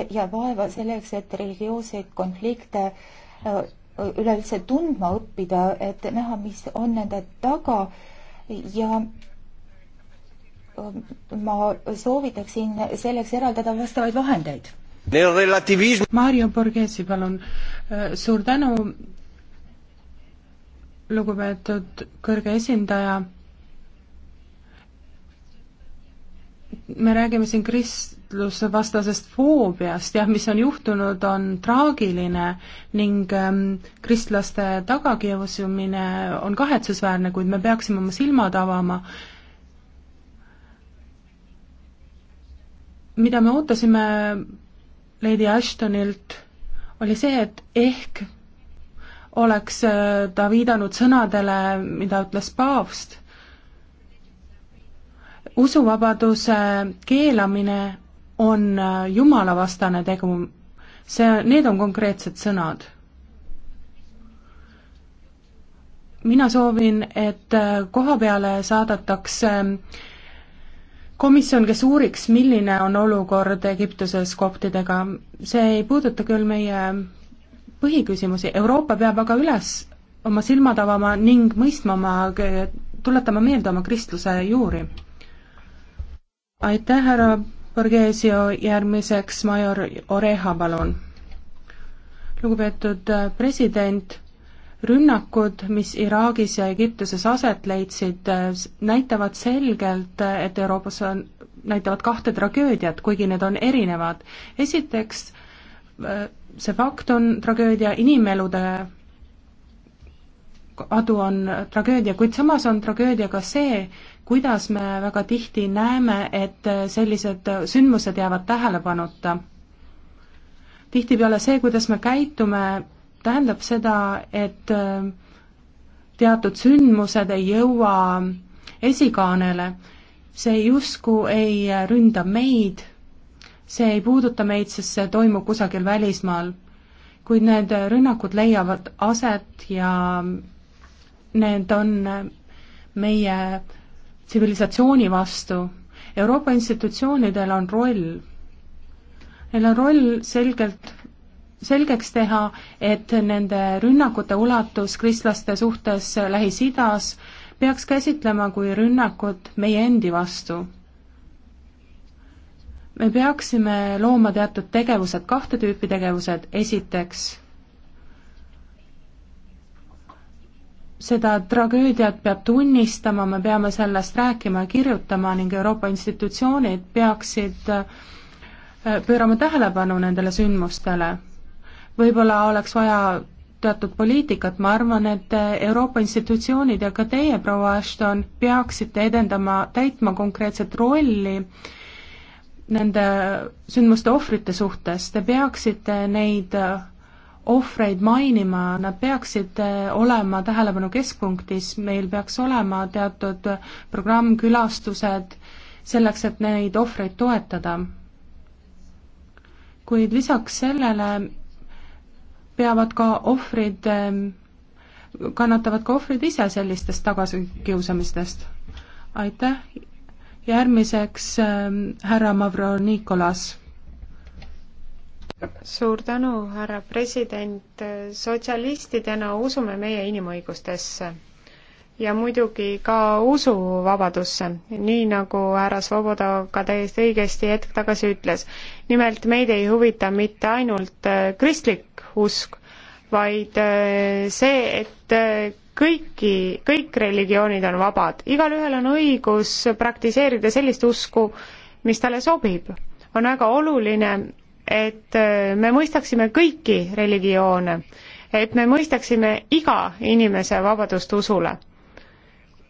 ja vaeva selleks, et religioosseid konflikte üleüldse tundma õppida, et näha, mis on nende taga ja ähm, ma soovitaksin selleks eraldada vastavaid vahendeid. Mario Borghesi, palun. Äh, suur tänu, lugupeetud kõrge esindaja. me räägime siin krist-, väärtlusvastasest foobiast, jah, mis on juhtunud, on traagiline ning ähm, kristlaste tagakiusumine on kahetsusväärne, kuid me peaksime oma silmad avama. mida me ootasime Lady Ashtonilt, oli see, et ehk oleks äh, ta viidanud sõnadele, mida ütles paavst usuvabaduse keelamine on äh, jumalavastane tegu, see, need on konkreetsed sõnad. mina soovin, et äh, koha peale saadetakse äh, komisjon, kes uuriks, milline on olukord Egiptuses koptidega. see ei puuduta küll meie põhiküsimusi, Euroopa peab aga üles oma silmad avama ning mõistma oma, tuletama meelde oma kristluse juuri. aitäh, härra Borgesio, järgmiseks major Oreha, palun. lugupeetud äh, president, rünnakud, mis Iraagis ja Egiptuses aset leidsid, äh, näitavad selgelt, äh, et Euroopas on, näitavad kahte tragöödiat, kuigi need on erinevad. esiteks, see fakt on tragöödia, inimelude adu on tragöödia, kuid samas on tragöödia ka see, kuidas me väga tihti näeme, et sellised sündmused jäävad tähelepanuta. tihtipeale see, kuidas me käitume, tähendab seda, et äh, teatud sündmused ei jõua esikaanele. see justkui ei ründa meid, see ei puuduta meid, sest see toimub kusagil välismaal. kuid need rünnakud leiavad aset ja need on meie tsivilisatsiooni vastu. Euroopa institutsioonidel on roll. Neil on roll selgelt, selgeks teha, et nende rünnakute ulatus kristlaste suhtes Lähis-Idas peaks käsitlema kui rünnakut meie endi vastu. me peaksime looma teatud tegevused, kahte tüüpi tegevused, esiteks seda tragöödiat peab tunnistama, me peame sellest rääkima ja kirjutama ning Euroopa institutsioonid peaksid äh, pöörama tähelepanu nendele sündmustele. võib-olla oleks vaja teatud poliitikat, ma arvan, et äh, Euroopa institutsioonid ja ka teie, proua Ashton, peaksite edendama, täitma konkreetset rolli nende sündmuste ohvrite suhtes, te peaksite neid äh, ohvreid mainima, nad peaksid eh, olema tähelepanu keskpunktis, meil peaks olema teatud programm, külastused, selleks, et neid ohvreid toetada. kuid lisaks sellele peavad ka ohvrid, eh, kannatavad ka ohvrid ise sellistest tagasikiusamistest. aitäh, järgmiseks äh, härra Mavro Nikolas suur tänu, härra president, sotsialistidena usume meie inimõigustesse ja muidugi ka usuvabadusse, nii nagu härra Svoboda ka täiesti õigesti hetk tagasi ütles. nimelt meid ei huvita mitte ainult äh, kristlik usk, vaid äh, see, et äh, kõiki, kõik religioonid on vabad, igalühel on õigus praktiseerida sellist usku, mis talle sobib. on väga oluline, et äh, me mõistaksime kõiki religioone, et me mõistaksime iga inimese vabadust usule.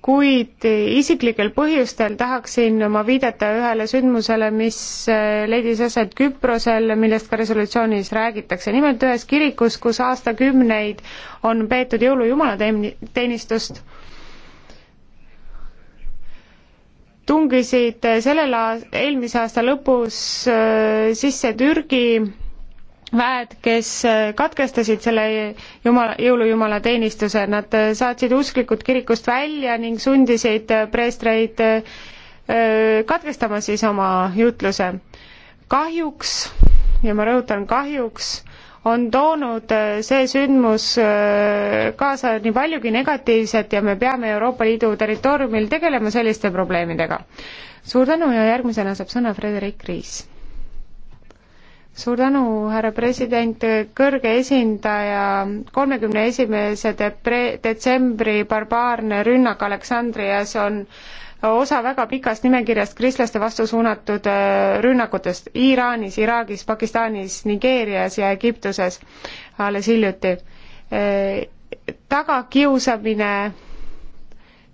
kuid isiklikel põhjustel tahaksin ma viidata ühele sündmusele, mis äh, leidis aset Küprosel, millest ka resolutsioonis räägitakse. nimelt ühes kirikus, kus aastakümneid on peetud jõulujumalateenistust tungisid sellel aast-, eelmise aasta lõpus äh, sisse Türgi väed, kes äh, katkestasid selle jumala, jõulujumala teenistuse, nad äh, saatsid usklikud kirikust välja ning sundisid preestreid katkestama siis oma jutluse. kahjuks, ja ma rõhutan, kahjuks on toonud äh, see sündmus äh, kaasa nii paljugi negatiivset ja me peame Euroopa Liidu territooriumil tegelema selliste probleemidega. suur tänu ja järgmisena saab sõna Frederik Riis. suur tänu, härra president, kõrge esindaja, kolmekümne esimese detsembri barbaarne rünnak Aleksandrias on äh, osa väga pikast nimekirjast kristlaste vastu suunatud äh, rünnakutest Iraanis, Iraagis, Pakistanis, Nigeerias ja Egiptuses alles hiljuti. Äh, tagakiusamine,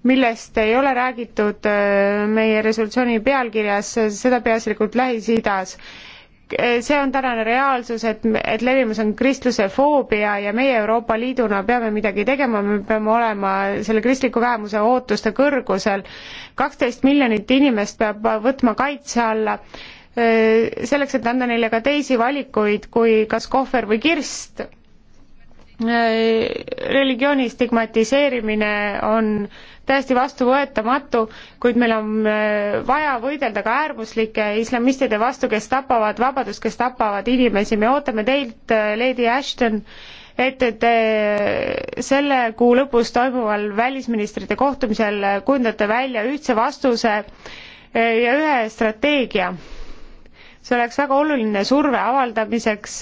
millest ei ole räägitud äh, meie resolutsiooni pealkirjas, seda peaasjalikult Lähis-Idas Eh, see on tänane reaalsus, et, et levimas on kristlusefoobia ja meie Euroopa Liiduna peame midagi tegema, me peame olema selle kristliku vähemuse ootuste kõrgusel. kaksteist miljonit inimest peab võtma kaitse alla, eh, selleks, et anda neile ka teisi valikuid kui kas kohver või kirst. Eh, religiooni stigmatiseerimine on äh, täiesti vastuvõetamatu, kuid meil on äh, vaja võidelda ka äärmuslike islamistide vastu, kes tapavad vabadust, kes tapavad inimesi, me ootame teilt, äh, Lady Ashton, et te äh, selle kuu lõpus toimuval välisministrite kohtumisel kujundate välja ühtse vastuse ja ühe strateegia see oleks väga oluline surve avaldamiseks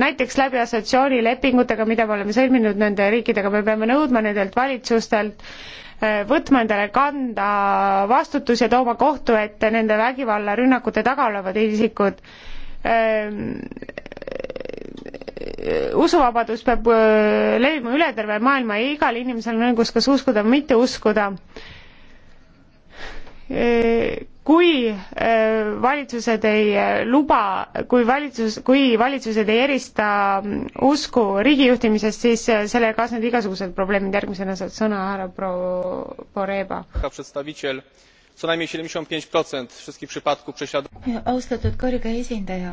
näiteks läbi assotsiatsioonilepingutega, mida me oleme sõlminud nende riikidega, me peame nõudma nendelt valitsustelt võtma endale kanda vastutus ja tooma kohtu ette nende vägivallarünnakute taga olevad isikud. Ehm, usuvabadus peab äh, levima üle terve maailma ja igal inimesel on õigus kas uskuda või mitte uskuda ehm, kui äh, valitsused ei äh, luba, kui valitsus, kui valitsused ei erista mm, usku riigijuhtimisest, siis äh, sellele kaasnevad igasugused probleemid, järgmisena saab sõna härra pro-, Poreba. austatud kõrge esindaja,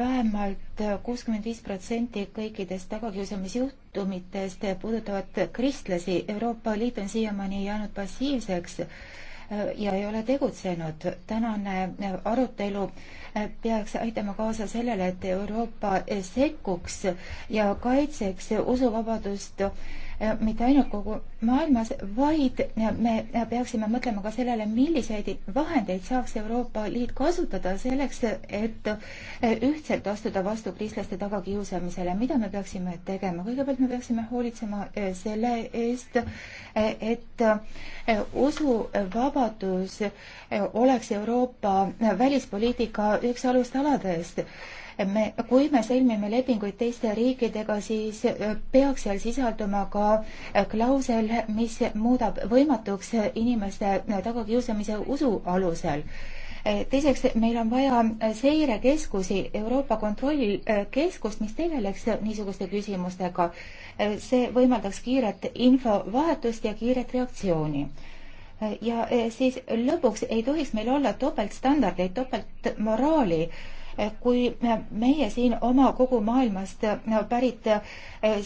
vähemalt kuuskümmend viis protsenti kõikidest tagakiusamisjuhtumitest puudutavad kristlasi, Euroopa Liit on siiamaani jäänud passiivseks ja ei ole tegutsenud. tänane arutelu äh, peaks aitama kaasa sellele, et Euroopa äh, sekkuks ja kaitseks usuvabadust mitte ainult kogu maailmas, vaid me peaksime mõtlema ka sellele, milliseid vahendeid saaks Euroopa Liit kasutada selleks, et e, ühtselt astuda vastu kristlaste tagakiusamisele. mida me peaksime tegema? kõigepealt me peaksime hoolitsema e, selle eest, e, et usuvabadus oleks Euroopa välispoliitika üks alustaladest me, kui me sõlmime lepinguid teiste riikidega, siis äh, peaks seal sisalduma ka äh, klausel, mis muudab võimatuks inimeste äh, tagakiusamise usu alusel teiseks, meil on vaja seirekeskusi, Euroopa Kontrollkeskust, mis tegeleks niisuguste küsimustega. see võimaldaks kiiret infovahetust ja kiiret reaktsiooni. ja siis lõpuks ei tohiks meil olla topeltstandardeid, topeltmoraali Eh, kui eh, meie siin oma kogu maailmast eh, pärit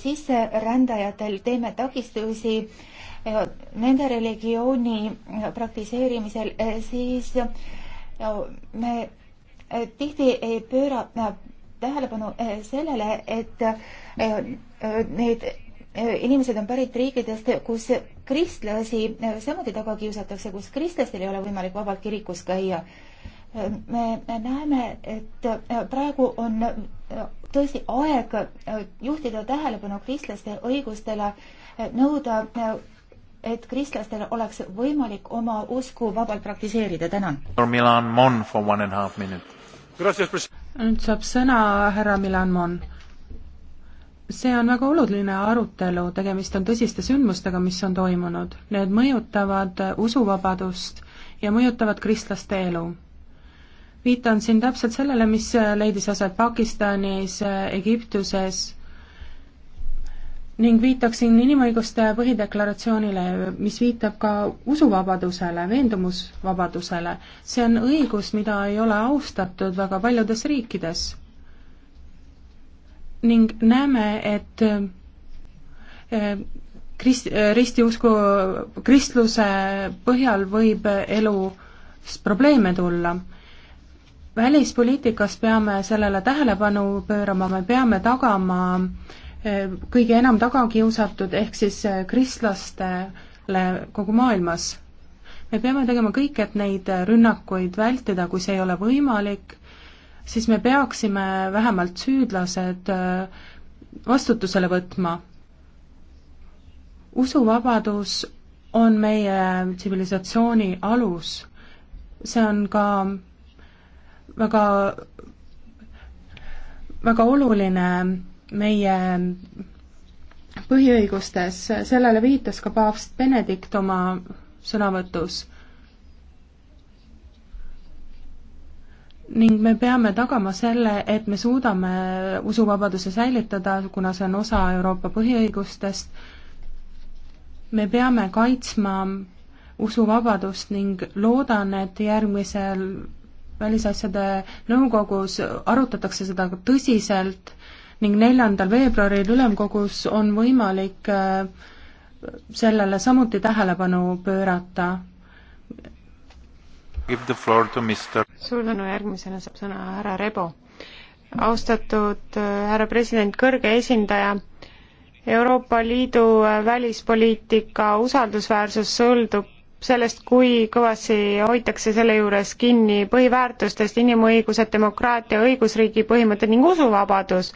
sisserändajatel teeme takistusi nende religiooni praktiseerimisel, siis me tihti ei pööra tähelepanu sellele, et need inimesed on pärit riikidest, kus kristlasi samuti taga kiusatakse, kus kristlastel ei ole võimalik vabalt kirikus käia me näeme, et äh, praegu on äh, tõesti aeg äh, juhtida tähelepanu kristlaste õigustele, nõuda, et kristlastel oleks võimalik oma usku vabalt praktiseerida. tänan. nüüd saab sõna härra Milan Mon. see on väga oluline arutelu, tegemist on tõsiste sündmustega, mis on toimunud. Need mõjutavad usuvabadust ja mõjutavad kristlaste elu viitan siin täpselt sellele, mis leidis aset Pakistanis, Egiptuses ning viitaksin inimõiguste põhideklaratsioonile, mis viitab ka usuvabadusele, veendumusvabadusele. see on õigus, mida ei ole austatud väga paljudes riikides. ning näeme, et eh, krist-, eh, ristiusku, kristluse põhjal võib elus probleeme tulla välispoliitikas peame sellele tähelepanu pöörama, me peame tagama eh, kõige enam tagakiusatud ehk siis eh, kristlastele kogu maailmas. me peame tegema kõik, et neid rünnakuid vältida, kui see ei ole võimalik, siis me peaksime vähemalt süüdlased eh, vastutusele võtma. usuvabadus on meie tsivilisatsiooni alus, see on ka väga, väga oluline meie põhiõigustes, sellele viitas ka paavst Benedikt oma sõnavõtus. ning me peame tagama selle, et me suudame usuvabaduse säilitada, kuna see on osa Euroopa põhiõigustest, me peame kaitsma usuvabadust ning loodan, et järgmisel välisasjade nõukogus arutatakse seda tõsiselt ning neljandal veebruaril ülemkogus on võimalik äh, sellele samuti tähelepanu pöörata. suur tänu, järgmisena saab sõna härra Rebo. austatud äh, härra president, kõrge esindaja, Euroopa Liidu äh, välispoliitika usaldusväärsus sõltub sellest, kui kõvasti hoitakse selle juures kinni põhiväärtustest, inimõigused, demokraatia, õigusriigi põhimõtted ning usuvabadus.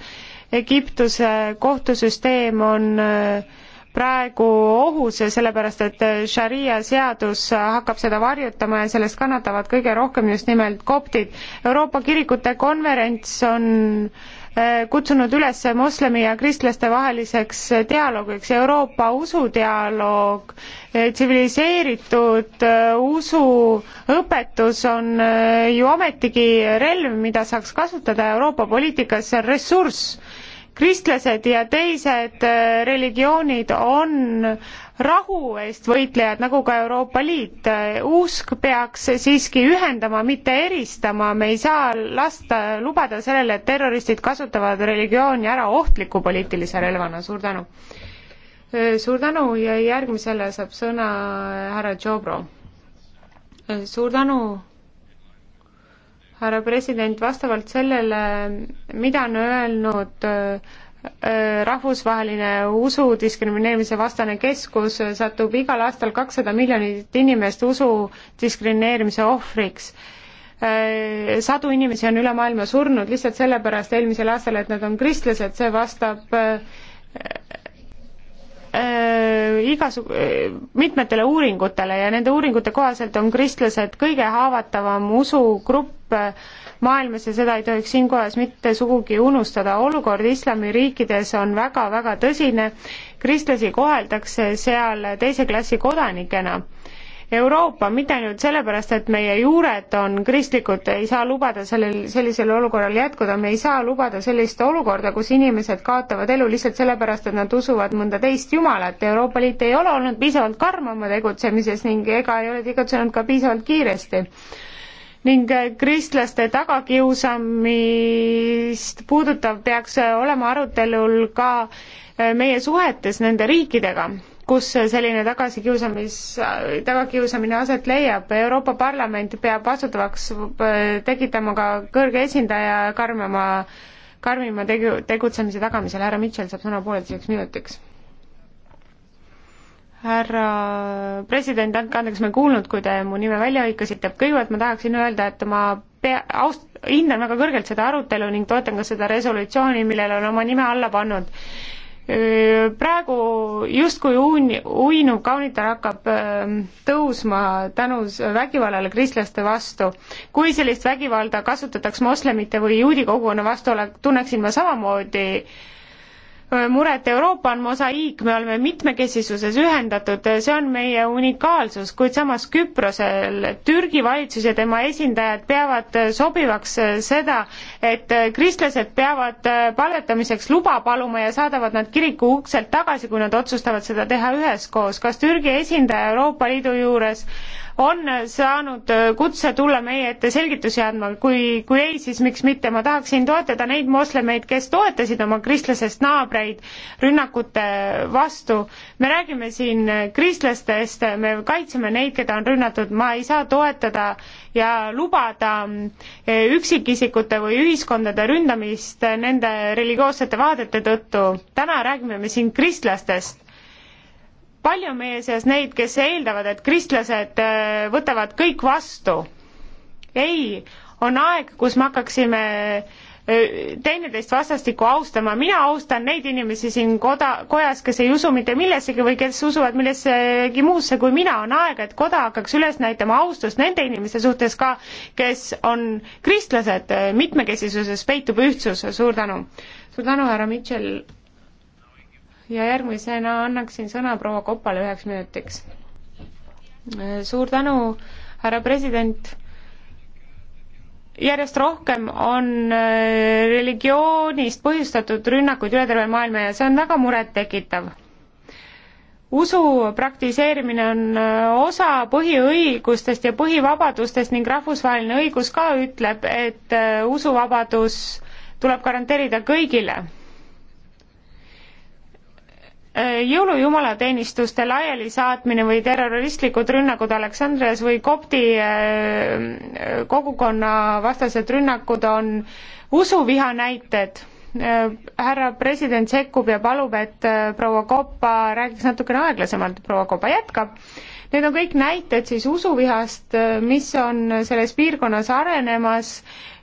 Egiptuse kohtusüsteem on äh, praegu ohus ja sellepärast, et äh, šaria seadus hakkab seda varjutama ja sellest kannatavad kõige rohkem just nimelt koptid. Euroopa kirikute konverents on äh, kutsunud üles moslemi ja kristlaste vaheliseks dialoogiks, Euroopa usudialoog, tsiviliseeritud äh, usuõpetus on äh, ju ometigi relv, mida saaks kasutada Euroopa poliitikas, see on ressurss kristlased ja teised äh, religioonid on rahu eest võitlejad, nagu ka Euroopa Liit. usk peaks siiski ühendama, mitte eristama, me ei saa lasta, lubada sellele, et terroristid kasutavad religiooni ära ohtliku poliitilise relvana, suur tänu. suur tänu ja järgmisele saab sõna härra Džobro. suur tänu härra president, vastavalt sellele, mida on öelnud Äh, rahvusvaheline usu diskrimineerimise vastane keskus satub igal aastal kakssada miljonit inimest usu diskrimineerimise ohvriks. Äh, sadu inimesi on üle maailma surnud lihtsalt sellepärast eelmisel aastal, et nad on kristlased, see vastab äh, igasugu, mitmetele uuringutele ja nende uuringute kohaselt on kristlased kõige haavatavam usugrupp äh, maailmas ja seda ei tohiks siinkohas mitte sugugi unustada. olukord islamiriikides on väga-väga tõsine, kristlasi koheldakse seal teise klassi kodanikena Euroopa, mitte ainult sellepärast, et meie juured on kristlikud, ei saa lubada sellel, sellisel olukorral jätkuda, me ei saa lubada sellist olukorda, kus inimesed kaotavad elu lihtsalt sellepärast, et nad usuvad mõnda teist jumalat. Euroopa Liit ei ole olnud piisavalt karm oma tegutsemises ning ega ei ole tegutsenud ka piisavalt kiiresti ning kristlaste tagakiusamist puudutav peaks olema arutelul ka äh, meie suhetes nende riikidega kus selline tagasikiusamis, tagakiusamine aset leiab. Euroopa Parlament peab vastutavaks äh, tekitama ka kõrge esindaja karmima, karmima tegu, tegutsemise tagamisel. härra Mitchell saab sõna pooleteiseks minutiks härra president, andke andeks, ma ei kuulnud, kui te mu nime välja hõikasite, kõigepealt ma tahaksin öelda, et ma pea, aust-, hindan väga kõrgelt seda arutelu ning toetan ka seda resolutsiooni, millele on oma nime alla pannud. Praegu justkui uun-, uinuv kaunitar hakkab ähm, tõusma tänu vägivallale kristlaste vastu. kui sellist vägivalda kasutatakse moslemite või juudi kogukonna vastu, tunneksin ma samamoodi äh, muret, Euroopa on mosaiik, me oleme mitmekesisuses ühendatud, see on meie unikaalsus, kuid samas Küprosel Türgi valitsus ja tema esindajad peavad sobivaks seda, et kristlased peavad palvetamiseks luba paluma ja saadavad nad kiriku ukselt tagasi, kui nad otsustavad seda teha üheskoos. kas Türgi esindaja Euroopa Liidu juures on saanud kutse tulla meie ette selgitusi andma, kui, kui ei, siis miks mitte, ma tahaksin toetada neid moslemeid, kes toetasid oma kristlasest naabreid rünnakute vastu. me räägime siin kristlastest, me kaitseme neid, keda on rünnatud, ma ei saa toetada ja lubada eh, üksikisikute või ühiskondade ründamist nende religioossete vaadete tõttu. täna räägime me siin kristlastest palju on meie seas neid, kes eeldavad, et kristlased äh, võtavad kõik vastu. ei, on aeg, kus me hakkaksime äh, teineteist vastastikku austama, mina austan neid inimesi siin koda, kojas, kes ei usu mitte millessegi või kes usuvad millessegi muusse kui mina, on aeg, et koda hakkaks üles näitama austust nende inimeste suhtes ka, kes on kristlased, äh, mitmekesisuses peitub ühtsus, suur tänu. suur tänu, härra Mitchell ja järgmisena annaksin sõna proua Kopale üheks minutiks. suur tänu, härra president järjest rohkem on äh, religioonist põhjustatud rünnakuid üle terve maailma ja see on väga murettekitav. usu praktiseerimine on äh, osa põhiõigustest ja põhivabadustest ning rahvusvaheline õigus ka ütleb, et äh, usuvabadus tuleb garanteerida kõigile jõulujumalateenistuste laialisaatmine või terroristlikud rünnakud Aleksandrias või kopti äh, kogukonna vastased rünnakud on usuviha näited. Äh, härra president sekkub ja palub, et äh, proua Koppa räägiks natukene aeglasemalt, proua Koppa jätkab. Need on kõik näited siis usuvihast, mis on selles piirkonnas arenemas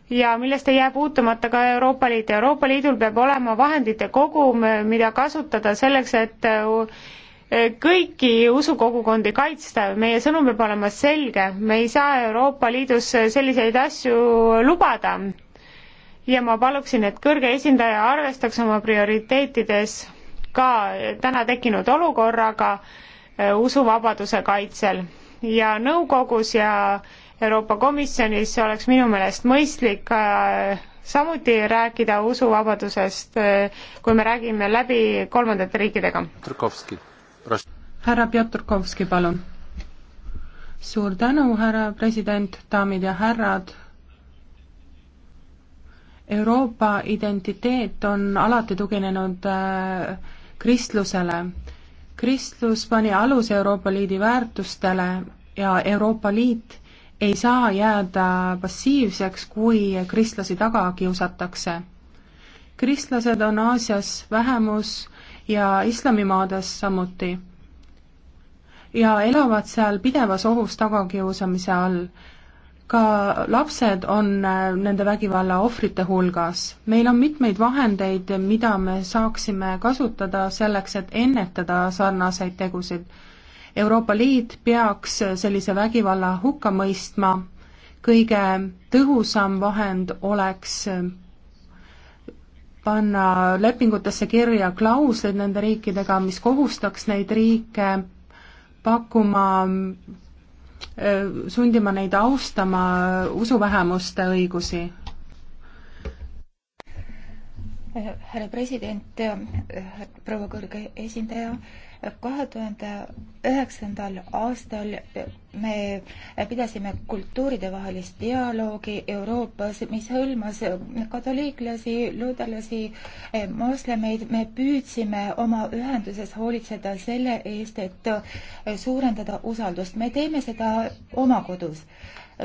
ja millest ei jää puutumata ka Euroopa Liit. Euroopa Liidul peab olema vahendite kogum, mida kasutada selleks, et e, kõiki usukogukondi kaitsta, meie sõnum peab olema selge, me ei saa Euroopa Liidus selliseid asju lubada. ja ma paluksin, et kõrge esindaja arvestaks oma prioriteetides ka täna tekkinud olukorraga e, usuvabaduse kaitsel ja nõukogus ja äh, Euroopa Komisjonis oleks minu meelest mõistlik äh, samuti rääkida usuvabadusest, äh, kui me räägime läbi kolmandate riikidega. härra Pjaturkovski, palun. suur tänu, härra president, daamid ja härrad. Euroopa identiteet on alati tuginenud äh, kristlusele. kristlus pani aluse Euroopa Liidu väärtustele ja Euroopa Liit ei saa jääda passiivseks, kui kristlasi taga kiusatakse. kristlased on Aasias vähemus ja islamimaades samuti. ja elavad seal pidevas ohus tagakiusamise all. ka lapsed on äh, nende vägivalla ohvrite hulgas. meil on mitmeid vahendeid, mida me saaksime kasutada selleks, et ennetada sarnaseid tegusid Euroopa Liit peaks sellise vägivalla hukka mõistma, kõige tõhusam vahend oleks panna lepingutesse kirja klauslid nende riikidega, mis kohustaks neid riike pakkuma, äh, sundima neid austama usuvähemuste õigusi. härra president, äh, proua kõrge esindaja kahe tuhande üheksandal aastal me pidasime kultuuridevahelist dialoogi Euroopas, mis hõlmas katoliiklasi, luudelasi, moslemeid. me püüdsime oma ühenduses hoolitseda selle eest, et suurendada usaldust. me teeme seda oma kodus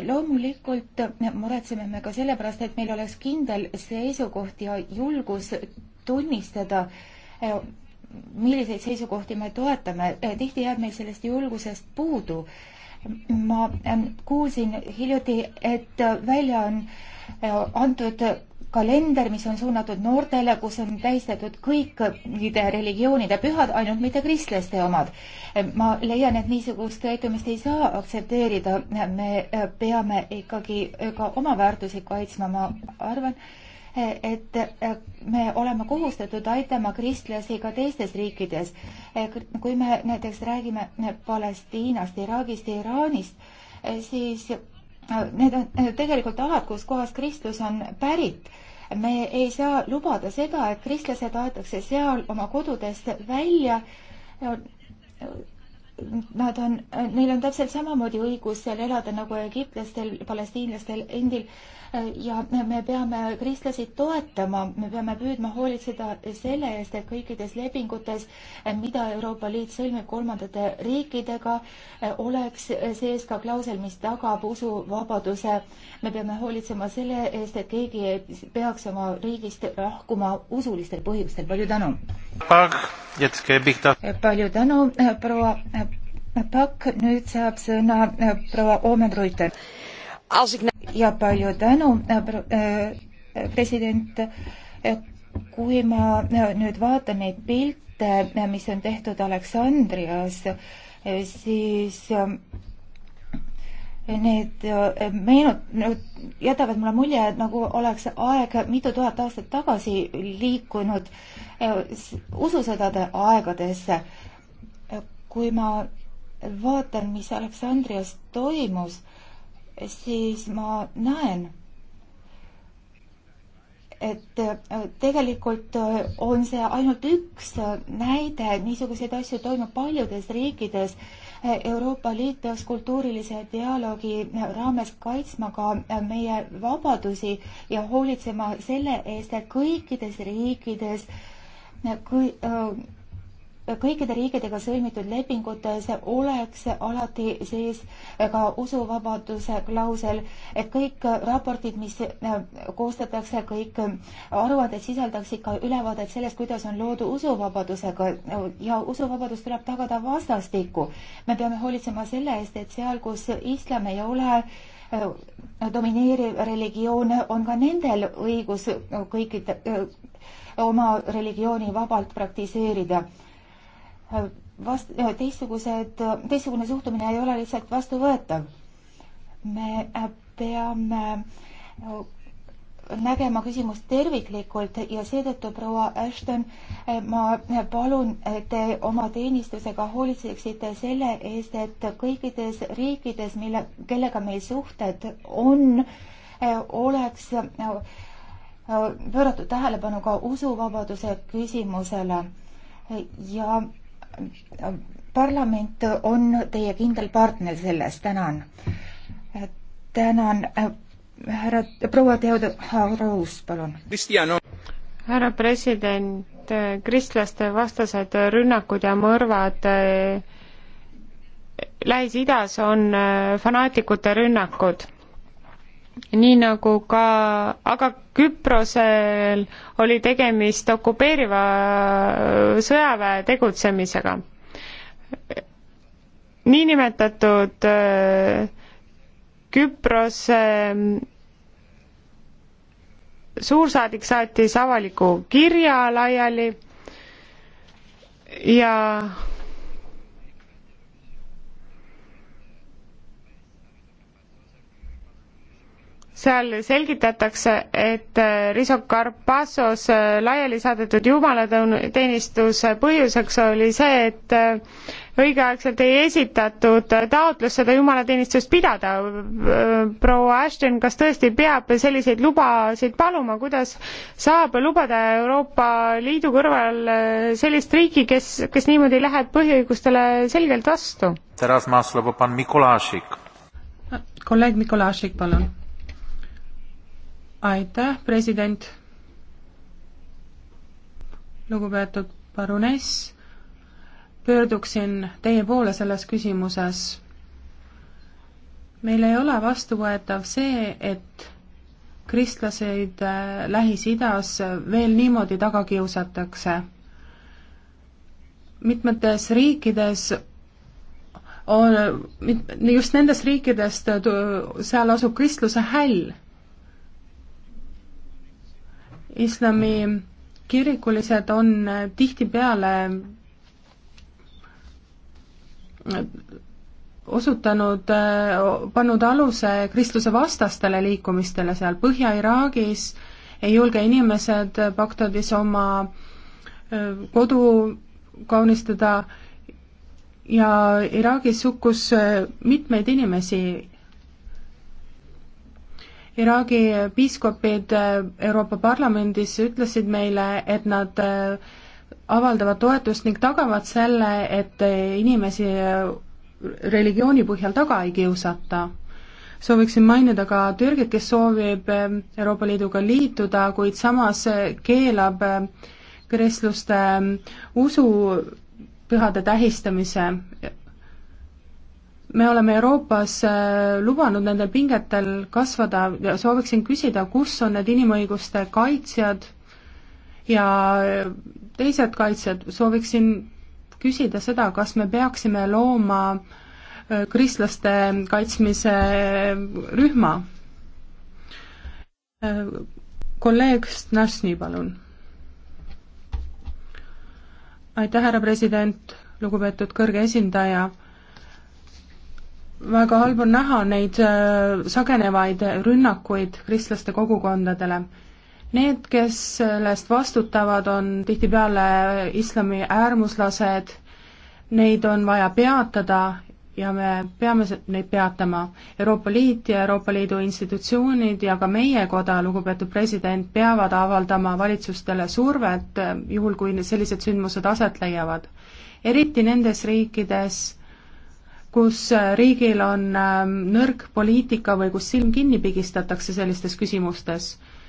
loomulikult muretseme me ka sellepärast, et meil oleks kindel seisukoht ja julgus tunnistada milliseid seisukohti me toetame, äh, tihti jääb meil sellest julgusest puudu. ma ähm, kuulsin hiljuti, et äh, välja on äh, antud kalender, mis on suunatud noortele, kus on tähistatud kõikide religioonide pühad, ainult mitte kristlaste omad. ma leian, et niisugust käitumist ei saa aktsepteerida, me peame ikkagi ka oma väärtusi kaitsma, ma arvan, et eh, me oleme kohustatud aitama kristlasi ka teistes riikides. Eh, kui me näiteks räägime eh, Palestiinast, Iraagist ja Iraanist, siis need on tegelikult alad, kus kohas kristlus on pärit. me ei saa lubada seda, et kristlased aetakse seal oma kodudest välja nad on, neil on täpselt samamoodi õigus seal elada nagu egiptlastel, palestiinlastel endil ja me peame kristlasid toetama, me peame püüdma hoolitseda selle eest, et kõikides lepingutes, mida Euroopa Liit sõlmib kolmandate riikidega, oleks sees ka klausel, mis tagab usuvabaduse. me peame hoolitsema selle eest, et keegi ei peaks oma riigist lahkuma usulistel põhjustel. palju tänu! palju tänu, proua Pakk, nüüd saab sõna proua Oomen Ruiten ja palju tänu, äh, äh, president. kui ma äh, nüüd vaatan neid pilte, mis on tehtud Aleksandrias, siis ähm, need meenut-, jätavad mulle mulje, nagu oleks aeg mitu tuhat aastat tagasi liikunud ususõdade aegadesse. kui ma vaatan, mis Aleksandrias toimus, siis ma näen, et äh, tegelikult äh, on see ainult üks äh, näide, niisuguseid asju toimub paljudes riikides. Euroopa Liit peaks kultuurilise dialoogi raames kaitsma ka meie vabadusi ja hoolitsema selle eest, et kõikides riikides kui, äh, kõikide riikidega sõlmitud lepingutes oleks alati siis ka usuvabaduse klausel, et kõik raportid, mis äh, koostatakse, kõik aruanded sisaldaksid ka ülevaadet sellest, kuidas on lood usuvabadusega ja usuvabadus tuleb tagada vastastikku. me peame hoolitsema selle eest, et seal, kus islam ei ole äh, domineeriv religioon, on ka nendel õigus kõikide, äh, oma religiooni vabalt praktiseerida Äh, vast-, äh, teistsugused, äh, teistsugune suhtumine ei ole lihtsalt vastuvõetav. me peame nägema küsimust terviklikult ja seetõttu, proua Ashton, ma palun, et te oma teenistusega hoolitseksite selle eest, et kõikides riikides, mille, kellega meil suhted on, oleks pööratud tähelepanu ka usuvabaduse küsimusele ja parlament on teie kindel partner selles, tänan. tänan, äh, härra, proua Theodor Haarus, palun. härra president, kristlaste vastased rünnakud ja mõrvad äh, Lähis-Idas on äh, fanaatikute rünnakud nii nagu ka, aga Küprosel oli tegemist okupeeriva sõjaväe tegutsemisega. niinimetatud äh, Küprose ähm, suursaadik saatis avaliku kirja laiali ja seal selgitatakse, et äh, Riso Karpassos äh, laiali saadetud jumalateenistuse põhjuseks oli see, et äh, õigeaegselt ei esitatud taotlust seda jumalateenistust pidada. proua Ashton, kas tõesti peab selliseid lubasid paluma, kuidas saab lubada Euroopa Liidu kõrval sellist riiki, kes, kes niimoodi läheb põhiõigustele selgelt vastu? kolleeg Mikolašik, palun aitäh, president. lugupeetud paruness, pöörduksin teie poole selles küsimuses. meil ei ole vastuvõetav see, et kristlaseid äh, Lähis-Idas veel niimoodi taga kiusatakse. mitmetes riikides on, just nendest riikidest, seal asub kristluse häll islami kirikulised on tihtipeale osutanud, pannud aluse kristluse vastastele liikumistele seal Põhja-Iraagis, ei julge inimesed Bagdadis oma kodu kaunistada ja Iraagis hukkus mitmeid inimesi Iraagi piiskopid äh, Euroopa Parlamendis ütlesid meile, et nad äh, avaldavad toetust ning tagavad selle, et äh, inimesi religiooni põhjal taga ei kiusata. sooviksin mainida ka Türgit, kes soovib Euroopa Liiduga liituda, kuid samas keelab kristluste usupühade tähistamise me oleme Euroopas äh, lubanud nendel pingetel kasvada ja sooviksin küsida, kus on need inimõiguste kaitsjad ja äh, teised kaitsjad, sooviksin küsida seda, kas me peaksime looma äh, kristlaste kaitsmise rühma. kolleeg Stasny, palun. aitäh, härra president, lugupeetud kõrge esindaja väga halb on näha neid äh, sagenevaid rünnakuid kristlaste kogukondadele. Need, kes sellest vastutavad, on tihtipeale islami äärmuslased, neid on vaja peatada ja me peame neid peatama. Euroopa Liit ja Euroopa Liidu institutsioonid ja ka meie koda, lugupeetud president, peavad avaldama valitsustele survet, äh, juhul kui sellised sündmused aset leiavad. eriti nendes riikides, kus äh, riigil on ähm, nõrk poliitika või kus silm kinni pigistatakse sellistes küsimustes.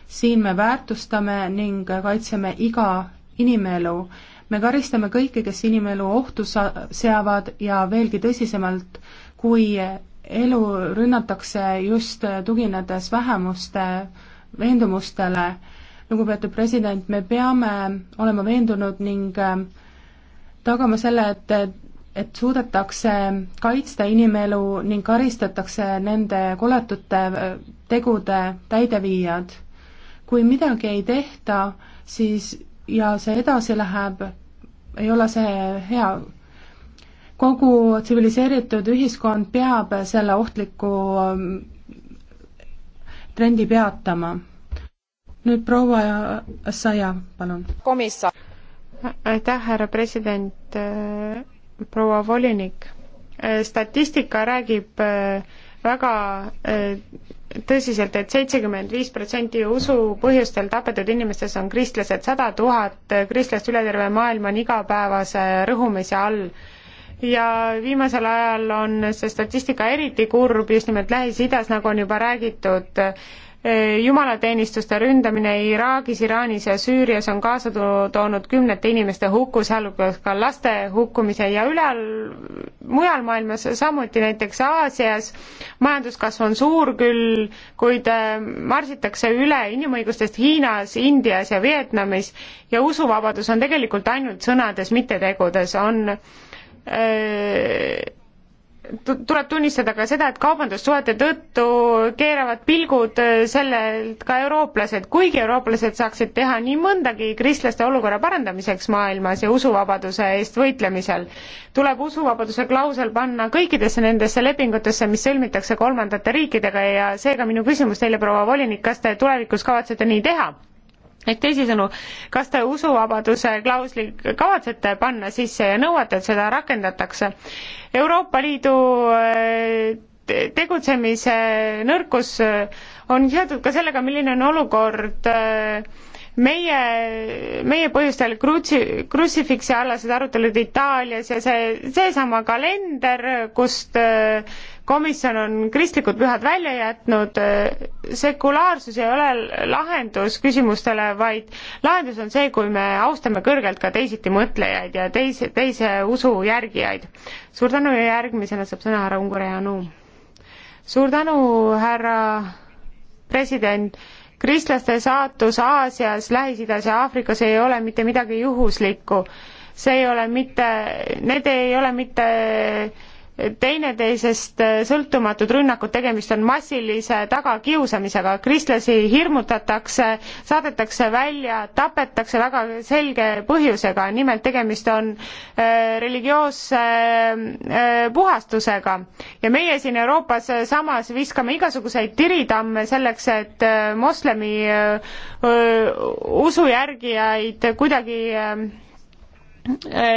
siin me väärtustame ning kaitseme iga inimelu. me karistame kõiki, kes inimelu ohtu sa-, seavad ja veelgi tõsisemalt, kui elu rünnatakse just tuginedes vähemuste veendumustele. lugupeetud president, me peame olema veendunud ning ähm, tagama selle, et et suudetakse kaitsta inimelu ning karistatakse nende koletute äh, tegude täideviijad. kui midagi ei tehta, siis ja see edasi läheb, ei ole see hea. kogu tsiviliseeritud ühiskond peab selle ohtliku ähm, trendi peatama. nüüd proua Assaja, palun. aitäh, härra president proua volinik, äh, statistika räägib äh, väga äh, tõsiselt et, et seitsekümmend viis protsenti usu põhjustel tapetud inimestest on kristlased, sada tuhat kristlast üle terve maailma on igapäevase rõhumise all. ja viimasel ajal on see statistika eriti kurb just nimelt Lähis-Idas, nagu on juba räägitud, Eh, jumalateenistuste ründamine Iraagis, Iraanis ja Süürias on kaasa toonud kümnete inimeste hukku, sealhulgas ka laste hukkumise ja ülal, mujal maailmas samuti, näiteks Aasias. majanduskasv on suur küll, kuid eh, marsitakse üle inimõigustest Hiinas, Indias ja Vietnamis ja usuvabadus on tegelikult ainult sõnades, mitte tegudes, on öö, eh, tuleb tunnistada ka seda, et kaubandussuhete tõttu keeravad pilgud äh, sellelt ka eurooplased, kuigi eurooplased saaksid teha nii mõndagi kristlaste olukorra parandamiseks maailmas ja usuvabaduse eest võitlemisel. tuleb usuvabaduse klausel panna kõikidesse nendesse lepingutesse, mis sõlmitakse kolmandate riikidega ja seega minu küsimus teile, proua volinik, kas te tulevikus kavatsete nii teha? ehk teisisõnu, kas te usuvabaduse klausli kavatsete panna sisse ja nõuate, et seda rakendatakse? Euroopa Liidu äh, tegutsemise nõrkus äh, on seotud ka sellega, milline on olukord äh, meie, meie põhjustel krutsi-, krutsifiksi alased arutelud Itaalias ja see, seesama kalender, kust äh, komisjon on kristlikud pühad välja jätnud, sekulaarsus ei ole lahendus küsimustele, vaid lahendus on see, kui me austame kõrgelt ka teisitimõtlejaid ja teise, teise usu järgijaid. suur tänu ja järgmisena saab sõna härra Ungureanu. suur tänu, härra president, kristlaste saatus Aasias, Lähis-Idas ja Aafrikas ei ole mitte midagi juhuslikku. see ei ole mitte, need ei ole mitte teineteisest äh, sõltumatud rünnakud, tegemist on massilise tagakiusamisega, kristlasi hirmutatakse, saadetakse välja, tapetakse väga selge põhjusega, nimelt tegemist on äh, religioosse äh, puhastusega. ja meie siin Euroopas samas viskame igasuguseid tiritamme selleks, et moslemi usujärgijaid kuidagi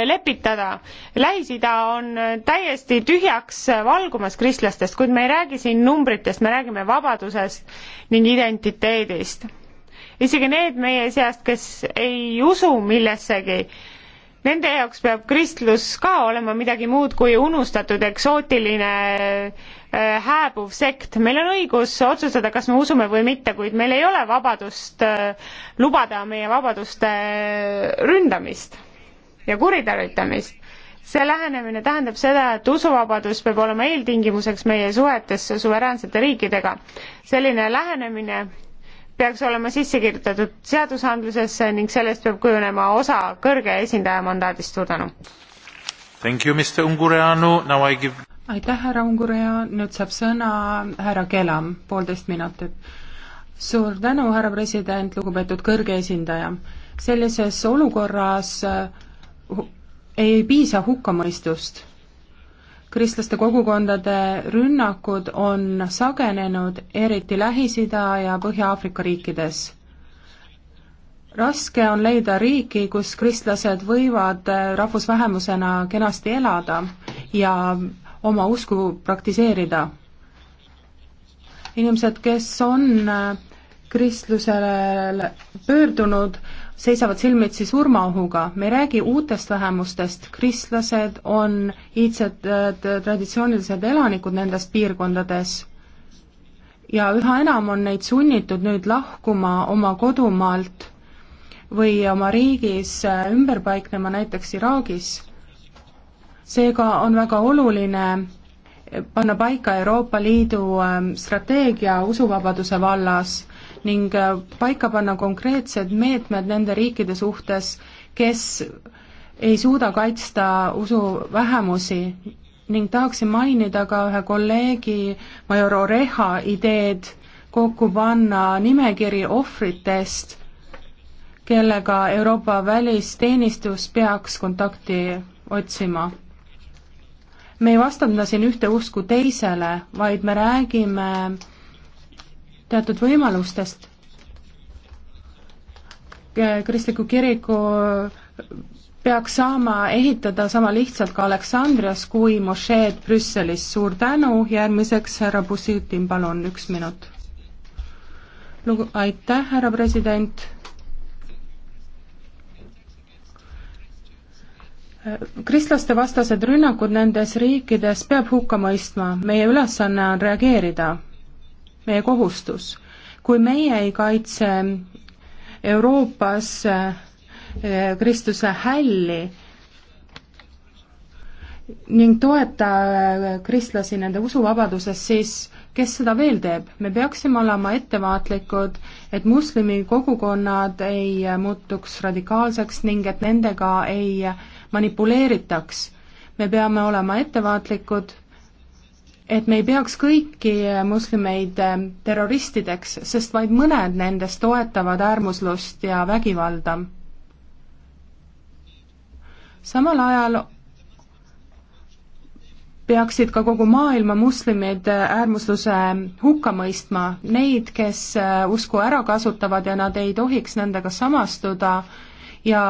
lepitada. Lähis-Ida on täiesti tühjaks valgumas kristlastest, kuid me ei räägi siin numbritest, me räägime vabadusest ning identiteedist. isegi need meie seast, kes ei usu millessegi, nende jaoks peab kristlus ka olema midagi muud kui unustatud eksootiline äh, hääbuv sekt. meil on õigus otsustada, kas me usume või mitte, kuid meil ei ole vabadust äh, lubada meie vabaduste äh, ründamist ja kuritarvitamist. see lähenemine tähendab seda, et usuvabadus peab olema eeltingimuseks meie suhetes suveräänsete riikidega. selline lähenemine peaks olema sisse kirjutatud seadusandlusesse ning sellest peab kujunema osa kõrge esindaja mandaadist, suur tänu. Give... aitäh, härra Ungurea, nüüd saab sõna härra Kelam, poolteist minutit. suur tänu, härra president, lugupeetud kõrge esindaja. sellises olukorras äh, ei piisa hukkamõistust. kristlaste kogukondade rünnakud on sagenenud, eriti Lähis-Ida ja Põhja-Aafrika riikides. raske on leida riiki, kus kristlased võivad rahvusvähemusena kenasti elada ja oma usku praktiseerida. inimesed, kes on kristlusele pöördunud, seisavad silmitsi surmaohuga, me ei räägi uutest vähemustest, kristlased on iidsed äh, traditsioonilised elanikud nendes piirkondades ja üha enam on neid sunnitud nüüd lahkuma oma kodumaalt või oma riigis äh, ümber paiknema, näiteks Iraagis. seega on väga oluline äh, panna paika Euroopa Liidu strateegia usuvabaduse vallas ning äh, paika panna konkreetsed meetmed nende riikide suhtes, kes ei suuda kaitsta usuvähemusi ning tahaksin mainida ka ühe kolleegi Major Oreha ideed kokku panna nimekiri ohvritest, kellega Euroopa välisteenistus peaks kontakti otsima. me ei vastanda siin ühte usku teisele, vaid me räägime teatud võimalustest. kristliku kiriku peaks saama ehitada sama lihtsalt ka Aleksandrias kui mošeed Brüsselis. suur tänu, järgmiseks härra Bussitin, palun, üks minut. lugu-, aitäh, härra president. kristlaste vastased rünnakud nendes riikides peab hukka mõistma, meie ülesanne on reageerida meie kohustus. kui meie ei kaitse Euroopas eh, Kristuse hälli ning toeta eh, kristlasi nende usuvabaduses, siis kes seda veel teeb? me peaksime olema ettevaatlikud, et moslemi kogukonnad ei eh, muutuks radikaalseks ning et nendega ei manipuleeritaks. me peame olema ettevaatlikud et me ei peaks kõiki moslemeid eh, terroristideks, sest vaid mõned nendest toetavad äärmuslust ja vägivalda. samal ajal peaksid ka kogu maailma moslemid eh, äärmusluse hukka mõistma, neid, kes eh, usku ära kasutavad ja nad ei tohiks nendega samastuda ja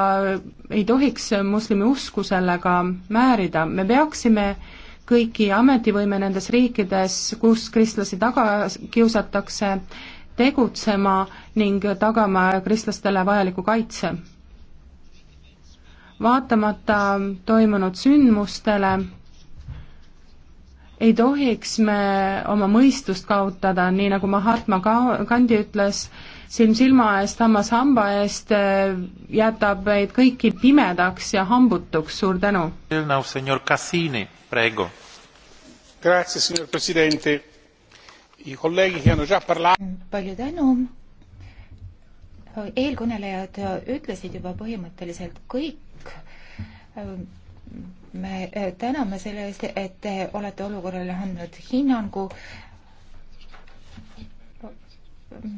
ei tohiks moslemi usku sellega määrida, me peaksime äh, kõiki ametivõime nendes riikides, kus kristlasi taga kiusatakse, tegutsema ning tagama kristlastele vajaliku kaitse. vaatamata toimunud sündmustele ei tohiks me oma mõistust kaotada, nii nagu Mahatma Gandhi ütles, silm silma eest, hammas hamba eest, äh, jätab meid kõiki pimedaks ja hambutuks, suur tänu. palju tänu. eelkõnelejad ütlesid juba põhimõtteliselt kõik äh, me äh, täname selle eest, et te olete olukorrale andnud hinnangu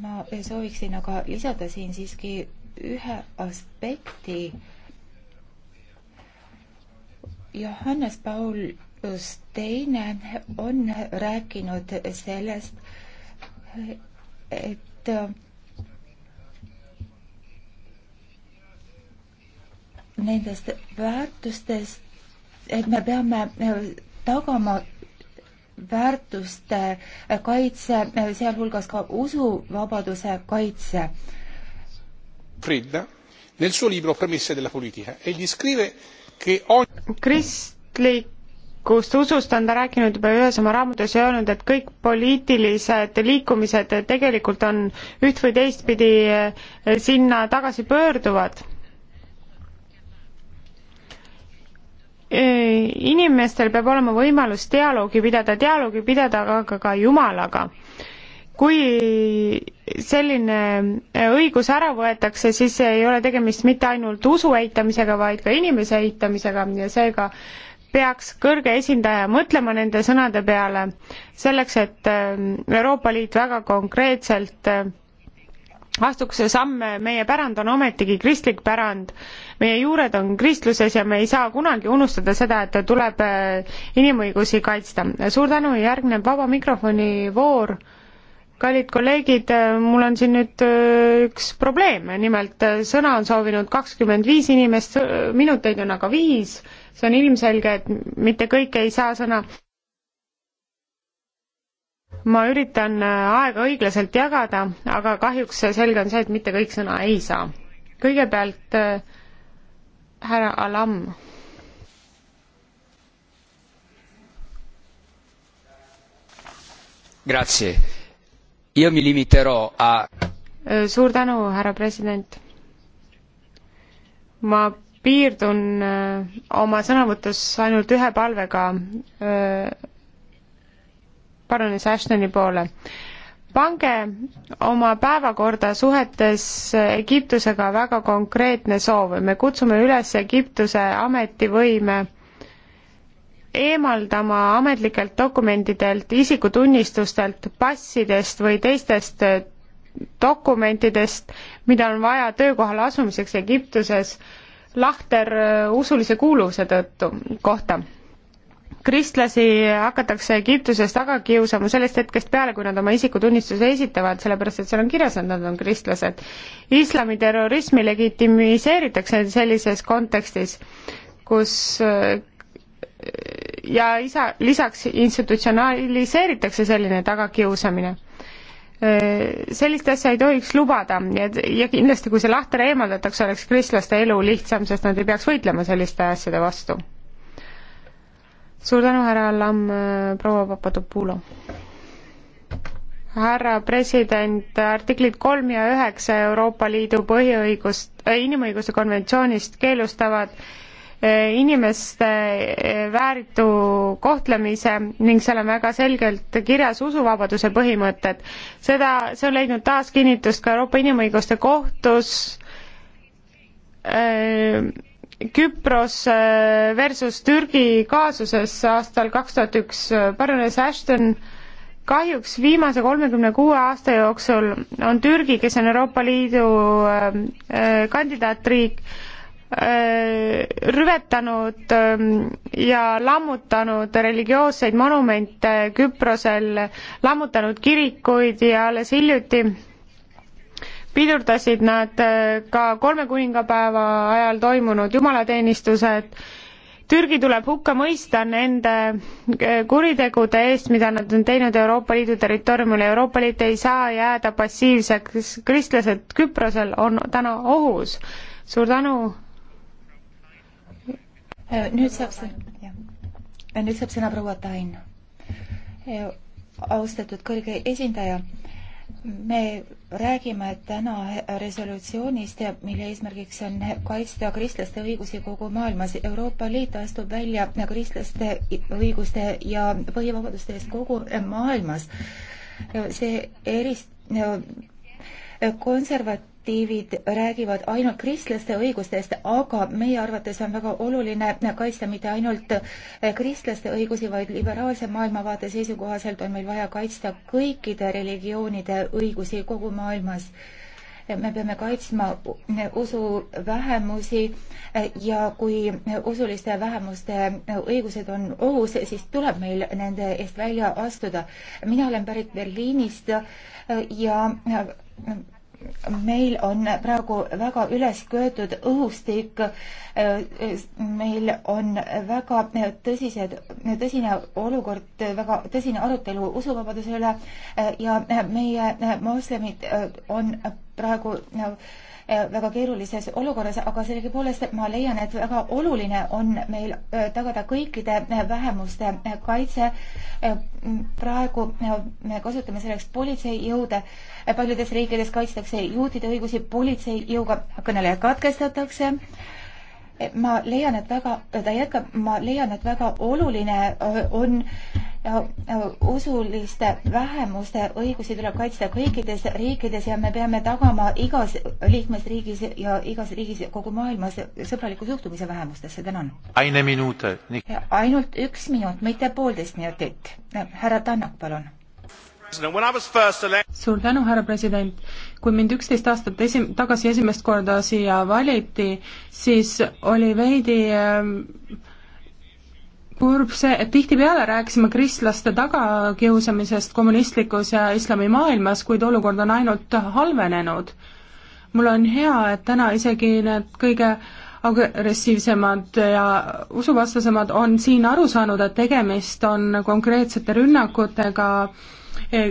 ma sooviksin aga lisada siin siiski ühe aspekti. Johannes Paulus teine on rääkinud sellest, et nendest väärtustest, et me peame tagama väärtuste kaitse, sealhulgas ka usuvabaduse kaitse. Fridda nel suo libro Premesse della politica egli scrive che ogni... kristlik kust usust on ta rääkinud juba ühes oma raamatus ja öelnud, et kõik poliitilised liikumised tegelikult on üht või teistpidi eh, sinna tagasi pöörduvad inimestel peab olema võimalus dialoogi pidada, dialoogi pidada aga ka, ka Jumalaga. kui selline äh, õigus ära võetakse, siis ei ole tegemist mitte ainult usu eitamisega, vaid ka inimese eitamisega ja seega peaks kõrge esindaja mõtlema nende sõnade peale, selleks et äh, Euroopa Liit väga konkreetselt äh, astuks see samm, meie pärand on ometigi kristlik pärand, meie juured on kristluses ja me ei saa kunagi unustada seda, et tuleb äh, inimõigusi kaitsta. suur tänu, järgneb vaba mikrofoni voor. kallid kolleegid, mul on siin nüüd äh, üks probleem, nimelt äh, sõna on soovinud kakskümmend viis inimest, minuteid on aga viis, see on ilmselge, et mitte kõik ei saa sõna ma üritan äh, aega õiglaselt jagada, aga kahjuks selge on see, et mitte kõik sõna ei saa. kõigepealt äh, härra Alam. Grazie. Io mi limiterò a äh, suur tänu, härra president. ma piirdun oma sõnavõtus ainult ühe palvega öö, parunis Ashtoni poole. pange oma päevakorda suhetes Egiptusega väga konkreetne soov, me kutsume üles Egiptuse ametivõime eemaldama ametlikelt dokumentidelt, isikutunnistustelt, passidest või teistest dokumentidest, mida on vaja töökohale asumiseks Egiptuses, lahter äh, usulise kuuluvuse tõttu, kohta kristlasi hakatakse Egiptuses taga kiusama sellest hetkest peale, kui nad oma isikutunnistuse esitavad, sellepärast et seal on kirjas, et nad on kristlased. islamiterrorismi legitimiseeritakse sellises kontekstis, kus ja isa, lisaks institutsionaliseeritakse selline tagakiusamine. Sellist asja ei tohiks lubada ja, ja kindlasti, kui see lahter eemaldatakse, oleks kristlaste elu lihtsam, sest nad ei peaks võitlema selliste asjade vastu suur tänu, härra Lamm, äh, proua Papadopulo. härra president, artiklid kolm ja üheksa Euroopa Liidu põhiõigust äh,, inimõiguste konventsioonist keelustavad äh, inimeste äh, vääritu kohtlemise ning seal on väga selgelt kirjas usuvabaduse põhimõtted. seda, see on leidnud taas kinnitust ka Euroopa Inimõiguste Kohtus äh, Küpros äh, versus Türgi kaasuses aastal kaks tuhat üks paranes Ashton kahjuks viimase kolmekümne kuue aasta jooksul on Türgi, kes on Euroopa Liidu ähm, äh, kandidaatriik, äh, rüvetanud ähm, ja lammutanud religioosseid monumente Küprosel, lammutanud kirikuid ja alles hiljuti pidurdasid nad äh, ka kolme kuningapäeva ajal toimunud jumalateenistused. Türgi tuleb hukka mõista nende äh, kuritegude eest, mida nad on teinud Euroopa Liidu territooriumil. Euroopa Liit ei saa jääda passiivseks, kristlased Küprosel on täna ohus. suur tänu. Äh, nüüd saab sõna, nüüd saab sõna proua Tain. austatud kõrge esindaja me räägime täna resolutsioonist, mille eesmärgiks on kaitsta kristlaste õigusi kogu maailmas. Euroopa Liit astub välja kristlaste õiguste ja põhivabaduste eest kogu maailmas. see erist-, konservat-, direktiivid räägivad ainult kristlaste õigustest, aga meie arvates on väga oluline kaitsta mitte ainult eh, kristlaste õigusi, vaid liberaalse maailmavaate seisukohaselt on meil vaja kaitsta kõikide religioonide õigusi kogu maailmas. Eh, me peame kaitsma eh, usuvähemusi ja kui usuliste vähemuste õigused on ohus, siis tuleb meil nende eest välja astuda. mina olen pärit Berliinist ja meil on praegu väga üles köetud õhustik, meil on väga tõsised, tõsine olukord, väga tõsine arutelu usuvabaduse üle ja meie moslemid on praegu Äh, väga keerulises olukorras, aga sellegipoolest ma leian, et väga oluline on meil äh, tagada kõikide äh, vähemuste kaitse. praegu me kasutame selleks politseijõude, paljudes riikides kaitstakse juutide õigusi politseijõuga, kõneleja katkestatakse ma leian, et väga, ta jätkab, ma leian, et väga oluline on usuliste vähemuste õigusi tuleb kaitsta kõikides riikides ja me peame tagama igas liikmesriigis ja igas riigis kogu maailmas sõbraliku suhtumise vähemustesse, tänan. ainult üks minut, mitte poolteist minutit. härra Tannak, palun suur tänu, härra president. kui mind üksteist aastat esi-, tagasi esimest korda siia valiti, siis oli veidi ähm, kurb see, et tihtipeale rääkisime kristlaste tagakiusamisest kommunistlikus ja islamimaailmas, kuid olukord on ainult halvenenud. mul on hea, et täna isegi need kõige agressiivsemad ja usuvastasemad on siin aru saanud, et tegemist on konkreetsete rünnakutega äh,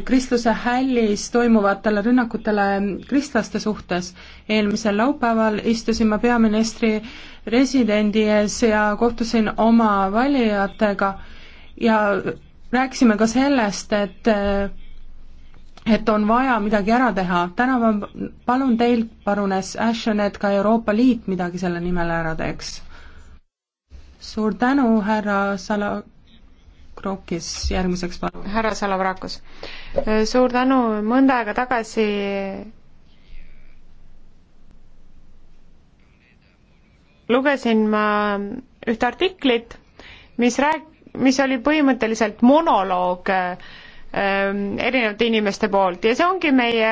kristluse hällis toimuvatele rünnakutele kristlaste suhtes. eelmisel laupäeval istusin ma peaministri residendi ees ja kohtusin oma valijatega ja rääkisime ka sellest, et et on vaja midagi ära teha. täna ma palun teilt, parunes Ashton, et ka Euroopa Liit midagi selle nimel ära teeks. suur tänu, härra Sala-, Krookis järgmiseks palun. härra Salavrakos, suur tänu, mõnda aega tagasi lugesin ma ühte artiklit, mis rääk-, mis oli põhimõtteliselt monoloog äh, Ähm, erinevate inimeste poolt ja see ongi meie